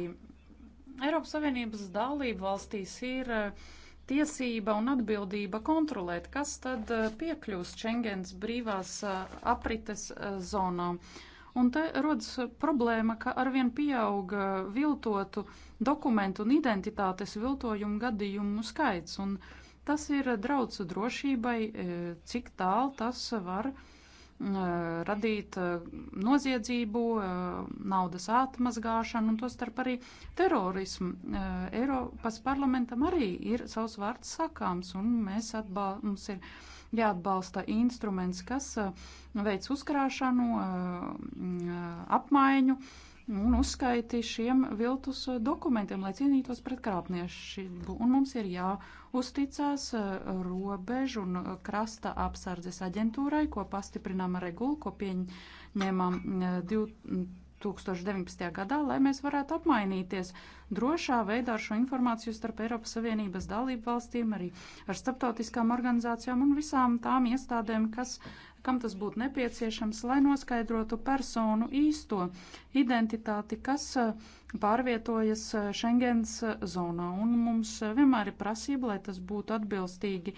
Eiropas Savienības dalību valstīs ir uh, tiesība un atbildība kontrolēt, kas tad eh, piekļūst Schengens brīvās eh, aprites eh, zonām. Un te rodas problēma, ka arvien pieauga viltotu dokumentu un identitātes viltojumu gadījumu skaits. Un tas ir drauds drošībai, cik tālu tas var būt radīt noziedzību, naudas atmazgāšanu un tostarp arī terorismu. Eiropas parlamentam arī ir savs vārds sakāms un mēs atbal, mums ir jāatbalsta instruments, kas veic uzkrāšanu, apmaiņu un uzskaiti šiem viltus dokumentiem, lai cīnītos pret krāpniešību. Un mums ir jā uzticās eh, robežu un eh, krasta apsardzes aģentūrai, ko pastiprinām regulu, ko pieņēmām 2019. Eh, gadā, lai mēs varētu apmainīties drošā veidā ar šo informāciju starp Eiropas Savienības dalību valstīm, arī ar starptautiskām organizācijām un visām tām iestādēm, kas uh, kam tas būtu nepieciešams, lai noskaidrotu personu īsto identitāti, kas eh, pārvietojas eh, Schengens eh, zonā. Un mums vienmēr ir prasība, lai tas būtu atbilstīgi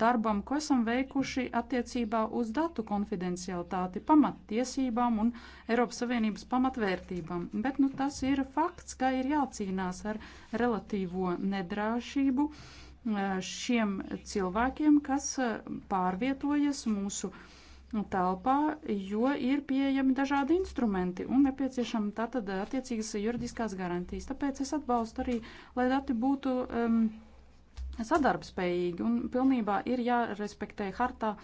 darbam, ko esam veikuši attiecībā uz datu konfidencialitāti, pamattiesībām un Eiropas Savienības pamatvērtībām. Bet nu, tas ir fakts, ka ir jācīnās ar relatīvo nedrāšību. Uh, šiem cilvēkiem, kas pārvietojas mūsu telpā, jo ir pieejami dažādi instrumenti un nepieciešama tātad attiecīgas juridiskās garantijas. Tāpēc es atbalstu arī, lai dati būtu um, sadarbspējīgi un pilnībā ir jārespektē hartā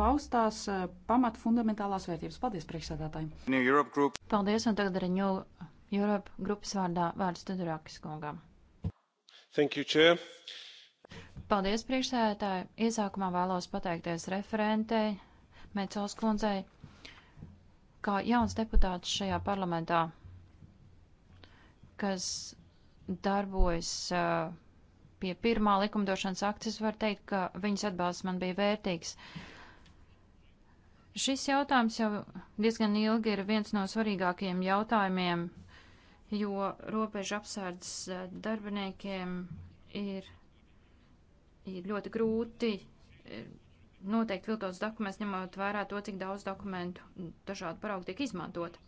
paustās pamat fundamentālās vērtības. Paldies priekšsēdētājiem. Paldies, un tagad arī New Europe grupas vārdā vārds Tudurakis kungam. Thank you, Chair. Paldies, priekšsēdētāji. Iesākumā vēlos pateikties referentei Mecels kundzei, kā jauns deputāts šajā parlamentā, kas darbojas uh, pie pirmā likumdošanas akcijas, var teikt, ka viņas atbalsts man bija vērtīgs. Šis jautājums jau diezgan ilgi ir viens no svarīgākajiem jautājumiem, jo robežu apsardzes uh, darbiniekiem ir ir ļoti grūti eh, noteikt viltots dokuments, ņemot vērā to, cik daudz dokumentu dažādu paraugu tiek izmantot.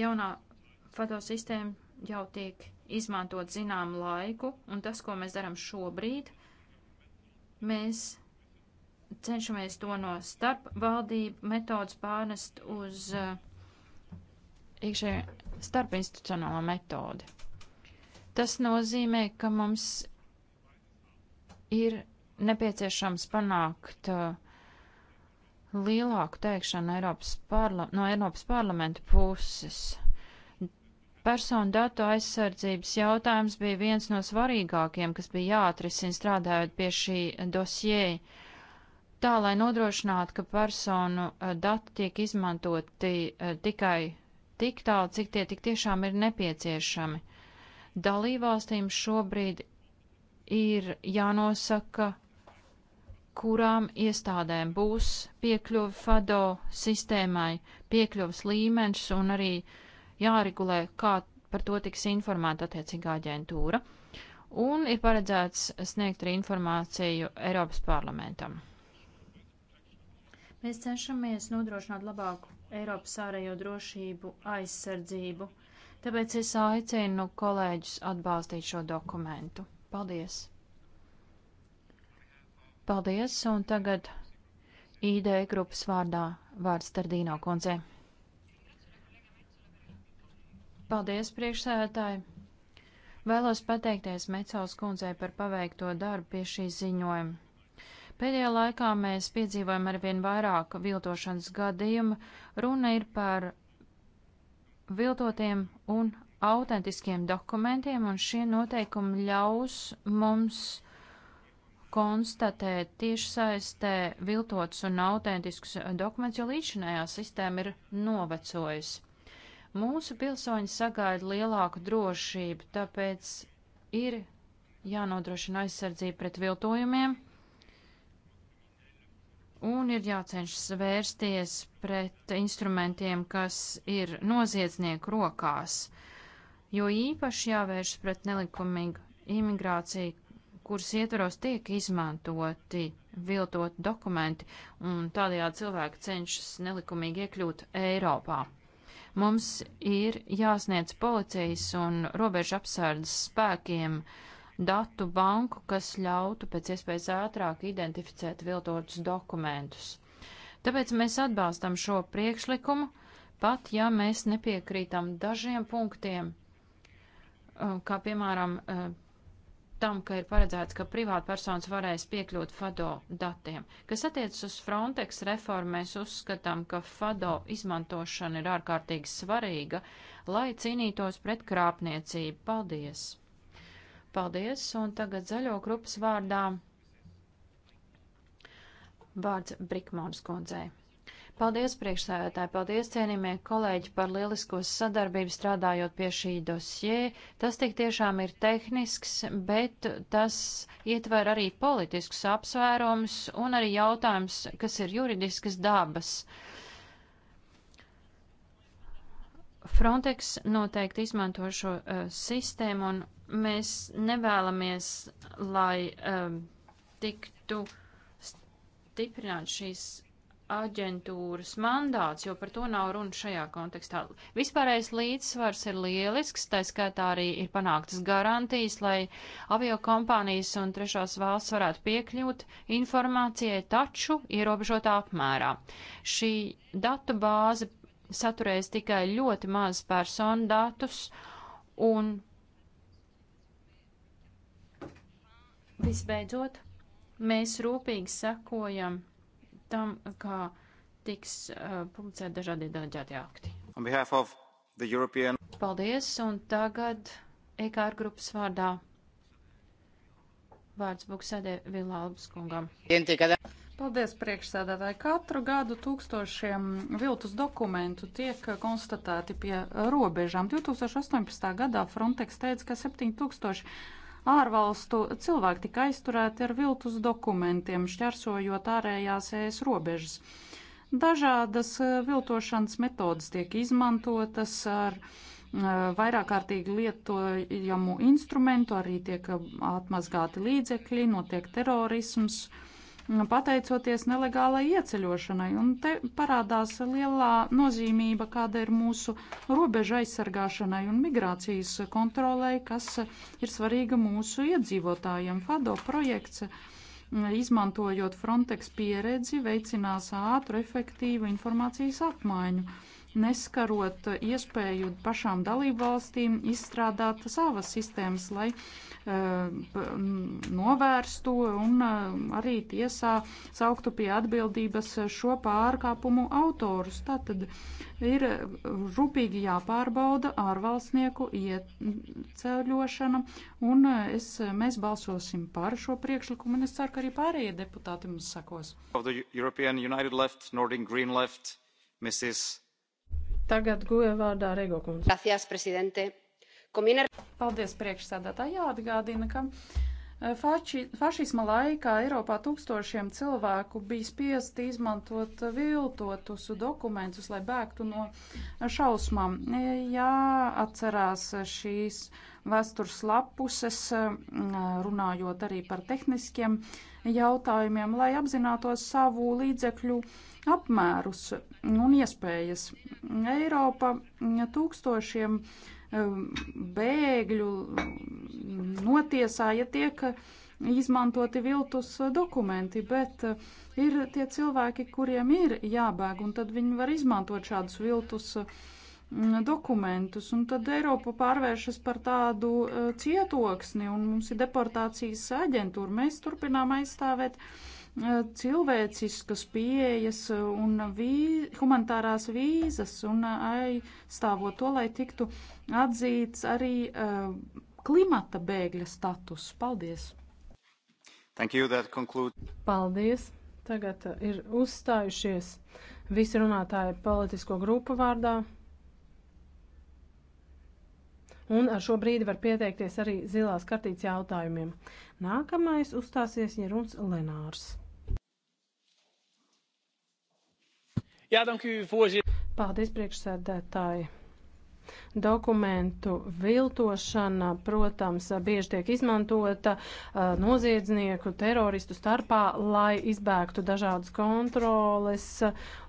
Jaunā fotosistēma jau tiek izmantot zinām laiku, un tas, ko mēs darām šobrīd, mēs cenšamies to no starp valdību metodas pārnest uz uh, iekšējā starpinstitucionālā metodi. Tas nozīmē, ka mums Ir nepieciešams panākt uh, lielāku teikšanu Eiropas parla no Eiropas parlamenta puses. Personu datu aizsardzības jautājums bija viens no svarīgākiem, kas bija jāatrisina strādājot pie šī dosie, tā lai nodrošinātu, ka personu uh, dati tiek izmantoti uh, tikai tik tālu, cik tie tik tiešām ir nepieciešami. Dalībvalstīm šobrīd ir jānosaka, kurām iestādēm būs piekļuvi FADO sistēmai, piekļuvas līmenis un arī jāregulē, kā par to tiks informēta attiecīgā aģentūra. Un ir paredzēts sniegt arī informāciju Eiropas parlamentam. Mēs cenšamies nodrošināt labāku Eiropas ārējo drošību, aizsardzību, tāpēc es aicinu kolēģus atbalstīt šo dokumentu. Paldies! Paldies, un tagad ID grupas vārdā vārds Tardīno kundzei. Paldies, priekšsēdētāji! Vēlos pateikties Mecāls kundzei par paveikto darbu pie šī ziņojuma. Pēdējā laikā mēs piedzīvojam arvien vairāk viltošanas gadījumu. Runa ir par viltotiem un autentiskiem dokumentiem, un šie noteikumi ļaus mums konstatēt tiešsaistē viltots un autentisks dokuments, jo līdzinājā sistēma ir novecojusi. Mūsu pilsoņi sagaida lielāku drošību, tāpēc ir jānodrošina aizsardzība pret viltojumiem un ir jācenšas vērsties pret instrumentiem, kas ir noziedznieku rokās. Uh, jo īpaši jāvēršas pret nelikumīgu imigrāciju, kuras ietvaros tiek izmantoti viltot dokumenti, un tādējādi cilvēki cenšas nelikumīgi iekļūt Eiropā. Mums ir jāsniedz policijas un robežu apsardzes spēkiem datu banku, kas ļautu pēc iespējas ātrāk identificēt viltotus dokumentus. Tāpēc mēs atbalstam šo priekšlikumu, pat ja mēs nepiekrītam dažiem punktiem, Uh, kā piemēram uh, tam, ka ir paredzēts, ka privātpersonas varēs piekļūt FADO datiem. Kas attiecas uz Frontex reformu, mēs uzskatām, ka FADO izmantošana ir ārkārtīgi svarīga, lai cīnītos pret krāpniecību. Paldies! Paldies! Un tagad zaļo grupas vārdā vārds Brikmons kundzei. Paldies, priekšsēdētāji, paldies, cienījamie kolēģi, par lielisko sadarbību strādājot pie šī dosie. Tas tik tiešām ir tehnisks, bet tas ietver arī politiskus apsvērums un arī jautājums, kas ir juridiskas dabas. Frontex noteikti izmanto šo uh, sistēmu, un mēs nevēlamies, lai uh, tiktu stiprināt šīs aģentūras mandāts, jo par to nav runa šajā kontekstā. Vispārējais līdzsvars ir lielisks, tā skaitā arī ir panāktas garantijas, lai avio kompānijas un trešās valsts varētu piekļūt informācijai, taču ierobežotā apmērā. Šī datu bāze saturēs tikai ļoti maz personu datus un visbeidzot mēs rūpīgi sekojam tam, kā tiks uh, publicēt dažādi daļģēti akti. European... Paldies, un tagad EKR grupas vārdā vārds buksēdē Vilālbas kungam. Paldies priekšsēdētāji. Katru gadu tūkstošiem viltus dokumentu tiek konstatēti pie robežām. 2018. gadā Frontex teica, ka 7000 ārvalstu cilvēki tika aizturēti ar viltus dokumentiem, šķērsojot ārējās ēs robežas. Dažādas eh, viltošanas metodas tiek izmantotas ar eh, vairāk kārtīgi lietojamu instrumentu, arī tiek eh, atmazgāti līdzekļi, notiek terorisms. Uh, pateicoties nelegālai ieceļošanai. Un te parādās lielā nozīmība, kāda ir mūsu robeža aizsargāšanai un migrācijas kontrolei, kas ir svarīga mūsu iedzīvotājiem. FADO projekts izmantojot Frontex pieredzi, veicinās ātru, efektīvu informācijas apmaiņu neskarot iespēju pašām dalību valstīm izstrādāt savas sistēmas, lai uh, novērstu un uh, arī tiesā sauktu pie atbildības šo pārkāpumu autorus. Tātad ir rūpīgi jāpārbauda ārvalstnieku ieceļošana, un eh, es, mēs balsosim par šo priekšlikumu, un es ceru, ka arī pārējie deputāti mums sakos. Of the European United Left, Northern Green Left, Mrs. Tagad guja vārdā Regokums. Gracias, prezidente. Kominer... Paldies, priekšsēdētāji. Jāatgādina, ka. E, fači, fašisma laikā Eiropā tūkstošiem cilvēku bija spiesti izmantot viltotus dokumentus, lai bēgtu no šausmām. E, jāatcerās šīs vēstures lapuses, e, runājot arī par tehniskiem jautājumiem, lai apzinātos savu līdzekļu uh, apmērus un iespējas. Eiropa tūkstošiem um, bēgļu notiesāja tiek izmantoti viltus dokumenti, bet uh, ir tie cilvēki, kuriem ir jābēg, un tad viņi var izmantot šādus viltus mm, dokumentus, un tad Eiropa pārvēršas par tādu uh, cietoksni, un mums ir deportācijas aģentūra. Mēs turpinām aizstāvēt uh, cilvēciskas pieejas un vī, humanitārās vīzas un aizstāvot to, lai tiktu atzīts arī uh, klimata bēgļa status. Paldies! Thank you, that conclude. Paldies! Tagad eh, ir uzstājušies visi runātāji politisko grupu vārdā. Un ar šo brīdi var pieteikties arī zilās kartītes jautājumiem. Nākamais uzstāsies Jeruns Lenārs. Jā, danku, Paldies, priekšsēdētāji! Dokumentu viltošana, protams, bieži tiek izmantota noziedznieku, teroristu starpā, lai izbēgtu dažādas kontroles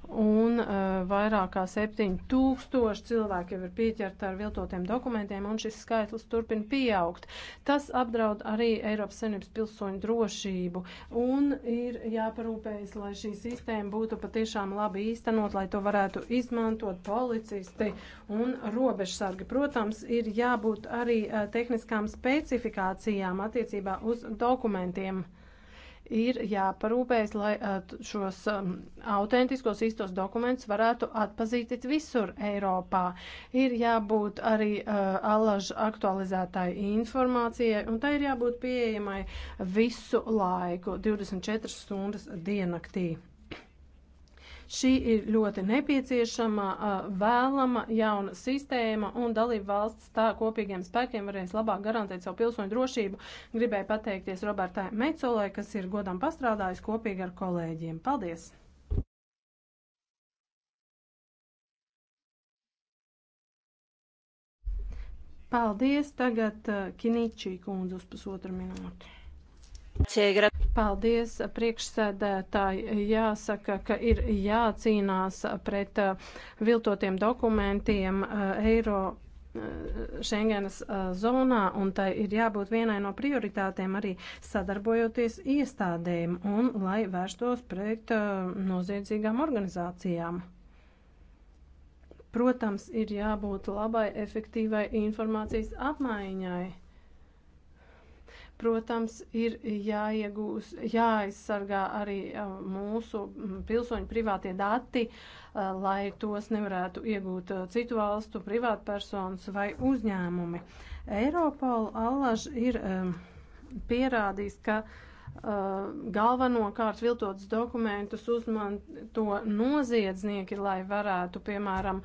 un uh, vairāk kā 7000 cilvēki jau ir pieķerti ar viltotiem dokumentiem, un šis skaitlis turpina pieaugt. Tas apdraud arī Eiropas Savienības pilsoņu drošību, un ir jāparūpējas, lai šī sistēma būtu patiešām labi īstenot, lai to varētu izmantot policisti un robežu robežsargi. Protams, ir jābūt arī eh, tehniskām specifikācijām attiecībā uz dokumentiem. Ir jāparūpējas, lai eh, šos ehm, autentiskos īstos dokumentus varētu atpazīt visur Eiropā. Ir jābūt arī eh, alaža aktualizētai informācijai, un tai ir jābūt pieejamai visu laiku, 24 stundas diennaktī. Šī ir ļoti nepieciešama, vēlama jauna sistēma un dalība valsts tā kopīgiem spēkiem varēs labāk garantēt savu pilsoņu drošību. Gribēju pateikties Robertai Mecolai, kas ir godam pastrādājis kopīgi ar kolēģiem. Paldies! Paldies, tagad uh, Kiničī kundze uz pusotru minūti. Paldies, priekšsēdētāji. Jāsaka, ka ir jācīnās pret uh, viltotiem dokumentiem uh, eiro. Šengenas uh, zonā, un tai ir jābūt vienai no prioritātēm arī sadarbojoties iestādēm un lai vērstos pret noziedzīgām organizācijām. Protams, ir jābūt labai efektīvai informācijas apmaiņai Protams, ir jāiegūs, jāaizsargā arī mūsu pilsoņu privātie dati, lai tos nevarētu iegūt citu valstu privātpersonas vai uzņēmumi. Eiropola allaž ir pierādījis, ka galvenokārt viltotus dokumentus uzmanto noziedznieki, lai varētu, piemēram,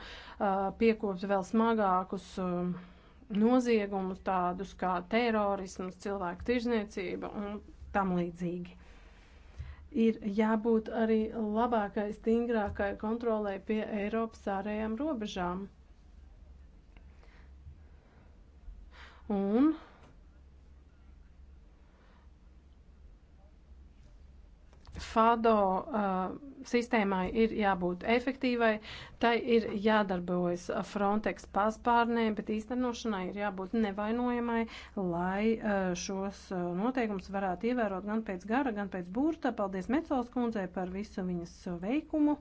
piekopt vēl smagākus uh, noziegumus tādus kā terorisms, cilvēku tirzniecība un tam līdzīgi. Ir jābūt arī labākai, stingrākai kontrolē pie Eiropas ārējām robežām. Un FADO uh, sistēmai ir jābūt efektīvai, tai ir jādarbojas Frontex paspārnē, bet īstenošanai ir jābūt nevainojamai, lai uh, šos uh, noteikumus varētu ievērot gan pēc gara, gan pēc burta. Paldies Mecols kundzei par visu viņas veikumu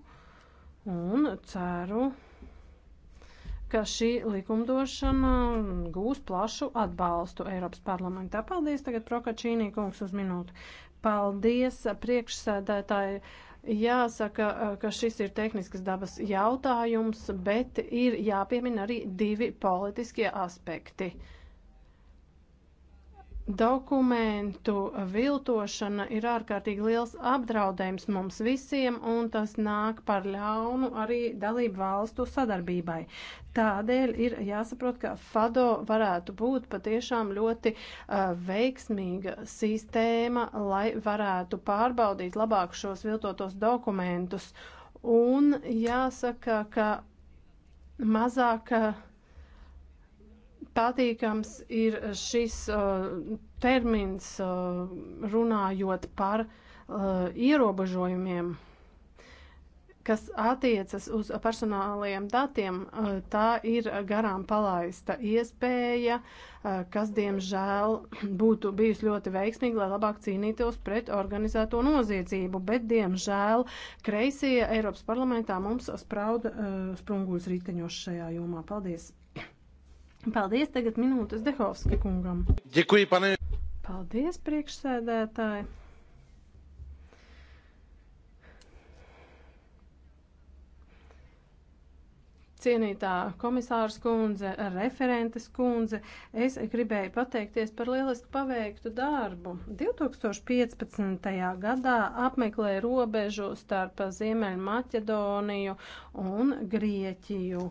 un ceru ka šī likumdošana gūs plašu atbalstu Eiropas parlamentā. Paldies tagad Prokačīnī kungs uz minūti. Paldies, priekšsēdētāji. Jāsaka, ka šis ir tehniskas dabas jautājums, bet ir jāpiemina arī divi politiskie aspekti. Uh, Dokumentu viltošana ir ārkārtīgi liels apdraudējums mums visiem, un tas nāk par ļaunu arī dalību valstu sadarbībai. Tādēļ ir jāsaprot, ka FADO varētu būt patiešām ļoti uh, veiksmīga sistēma, lai varētu pārbaudīt labāk šos viltotos dokumentus. Un jāsaka, ka mazāk. Uh, patīkams ir šis uh, termins uh, runājot par uh, ierobežojumiem, kas attiecas uz personālajiem datiem. Uh, tā ir garām palaista iespēja, uh, kas, diemžēl, būtu bijusi ļoti veiksmīga, lai labāk cīnītos pret organizēto noziedzību, bet, diemžēl, kreisie Eiropas parlamentā mums sprauda uh, sprunguļus riteņos šajā jomā. Paldies! Paldies tagad minūtes Dehovska kungam. Ďekuji, pane. Paldies, priekšsēdētāji. Cienītā komisārs kundze, referentes kundze, es gribēju pateikties par lieliski paveiktu darbu. 2015. gadā apmeklēju robežu starp Ziemeļu Maķedoniju un Grieķiju.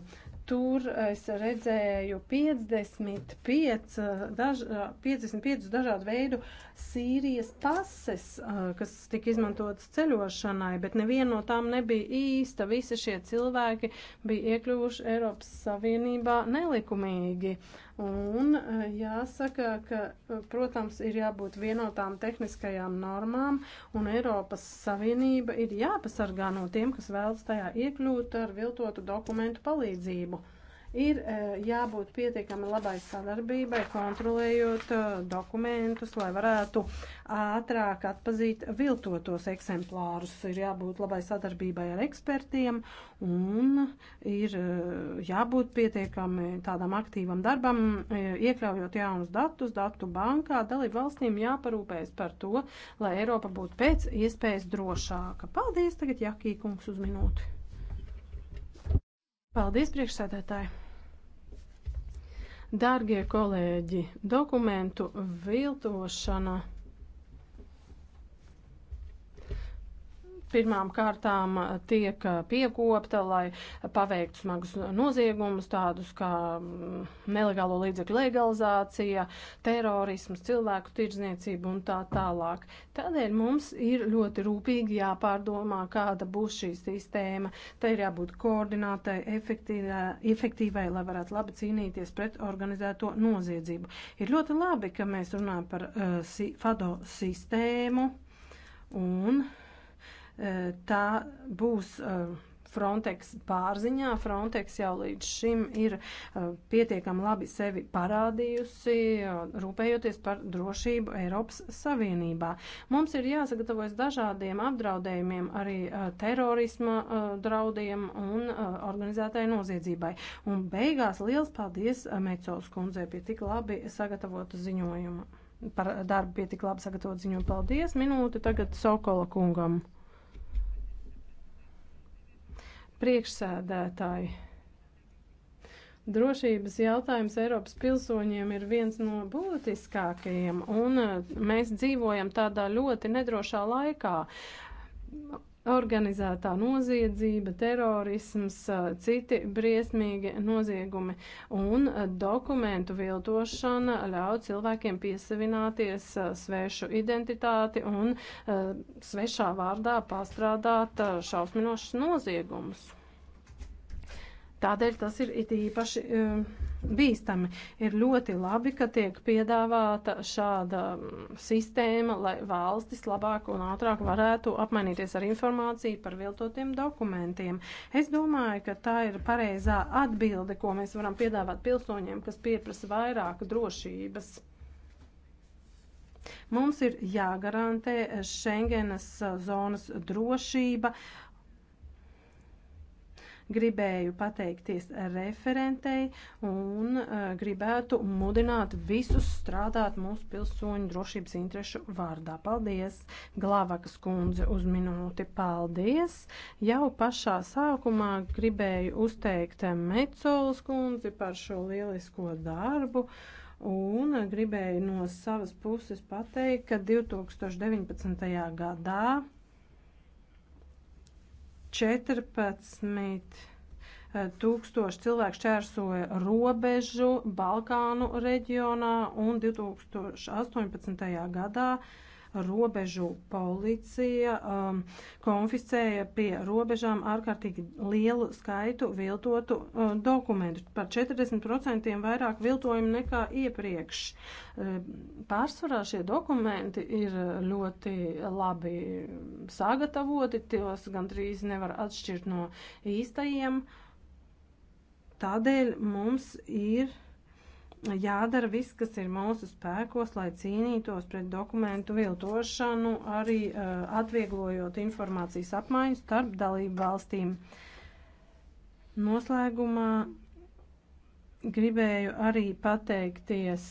Tur es redzēju 55, daž, 55 dažādu veidu Sīrijas pases, kas tika izmantotas ceļošanai, bet neviena no tām nebija īsta. Visi šie cilvēki bija iekļuvuši Eiropas Savienībā nelikumīgi. Uh, Un eh, jāsaka, ka, eh, protams, ir jābūt vienotām tehniskajām normām, un Eiropas Savienība ir jāpasargā no tiem, kas vēlas tajā iekļūt ar viltotu dokumentu palīdzību. Ir e, jābūt pietiekami labai sadarbībai, kontrolējot e, dokumentus, lai varētu ātrāk atpazīt viltotos eksemplārus. Ir jābūt labai sadarbībai ar ekspertiem un ir e, jābūt pietiekami tādam aktīvam darbam, iekļaujot jaunus datus datu bankā. Dalību valstīm jāparūpējas par to, lai Eiropa būtu pēc iespējas drošāka. Paldies, tagad Jakī kungs uz minūti. Paldies, priekšsēdētāji! Dārgie kolēģi, dokumentu viltošana. pirmām kārtām uh, tiek uh, piekopta, lai paveiktu smagus noziegumus, tādus kā mm, nelegālo līdzekļu legalizācija, terorisms, cilvēku tirdzniecība un tā tālāk. Tādēļ mums ir ļoti rūpīgi jāpārdomā, kāda būs šī sistēma. Te ir jābūt koordinātai, efektīvai, efektīvai lai varētu labi cīnīties pret organizēto noziedzību. Ir ļoti labi, ka mēs runājam par uh, si, FADO sistēmu un Eh, tā būs eh, Frontex pārziņā. Frontex jau līdz šim ir eh, pietiekami labi sevi parādījusi, rūpējoties par drošību Eiropas Savienībā. Mums ir jāsagatavojas dažādiem apdraudējumiem, arī terorisma draudiem un organizētai noziedzībai. Un beigās liels paldies Meicols kundzei pie tik labi sagatavotu ziņojumu. Par darbu pie tik labi sagatavotu ziņojumu. Paldies! Minūte tagad Sokola kungam priekšsēdētāji. Drošības jautājums Eiropas pilsoņiem ir viens no būtiskākajiem, un eh, mēs dzīvojam tādā ļoti nedrošā laikā organizētā noziedzība, terorisms, eh, citi briesmīgi noziegumi un eh, dokumentu viltošana ļauj cilvēkiem piesavināties eh, svešu identitāti un svešā vārdā pastrādāt šausminošas noziegumus. Tādēļ tas ir it īpaši e, bīstami. Ir ļoti labi, ka tiek piedāvāta šāda mm, sistēma, lai valstis labāk un ātrāk varētu apmainīties ar informāciju par viltotiem dokumentiem. Es domāju, ka tā ir pareizā atbilde, ko mēs varam piedāvāt pilsoņiem, kas pieprasa vairāk drošības. Mums ir jāgarantē Schengenas e, zonas drošība Gribēju pateikties referentei un uh, gribētu mudināt visus strādāt mūsu pilsoņu drošības interešu vārdā. Paldies, Glavakas kundze, uz minūti. Paldies! Jau pašā sākumā gribēju uzteikt Mecolas kundzi par šo lielisko darbu. Un gribēju no savas puses pateikt, ka 2019. gadā 14 tūkstoši cilvēku šķērsoja robežu Balkānu reģionā un 2018. gadā robežu policija um, konfiscēja pie robežām ārkārtīgi lielu skaitu viltotu uh, dokumentu. Par 40% vairāk viltojumu nekā iepriekš. Uh, pārsvarā šie dokumenti ir ļoti labi sagatavoti, tos gandrīz nevar atšķirt no īstajiem. Tādēļ mums ir jādara viss, kas ir mūsu spēkos, lai cīnītos pret dokumentu viltošanu, arī uh, atvieglojot informācijas apmaiņu starp dalību valstīm. Noslēgumā gribēju arī pateikties,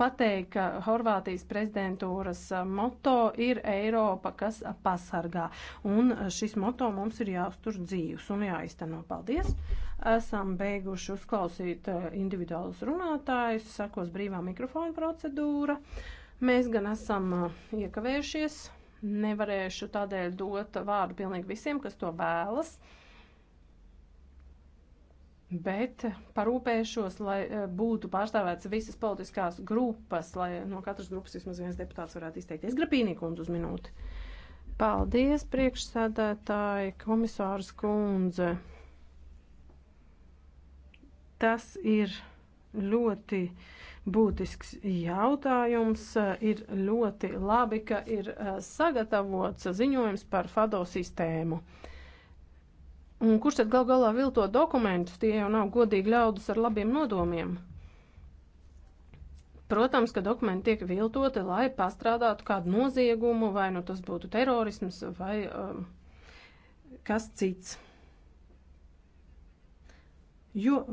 pateikt, ka Horvātijas prezidentūras eh, moto ir Eiropa, kas pasargā. Un eh, šis moto mums ir jāuztur dzīves un jāizteno. Paldies! Esam beiguši uzklausīt eh, individuālus runātājus, sakos brīvā mikrofona procedūra. Mēs gan esam eh, iekavējušies, nevarēšu tādēļ dot vārdu pilnīgi visiem, kas to vēlas bet parūpēšos, lai eh, būtu pārstāvēts visas politiskās grupas, lai no katras grupas vismaz viens deputāts varētu izteikties. Grapīnī kundze uz minūti. Paldies, priekšsēdētāji, komisārs kundze. Tas ir ļoti būtisks jautājums. Ir ļoti labi, ka ir eh, sagatavots ziņojums par FADO sistēmu. Un kurš tad gal galā vilto dokumentus? Tie jau nav godīgi ļaudis ar labiem nodomiem. Protams, ka dokumenti tiek viltoti, lai pastrādātu kādu noziegumu, vai nu tas būtu terorisms vai um, kas cits. Jo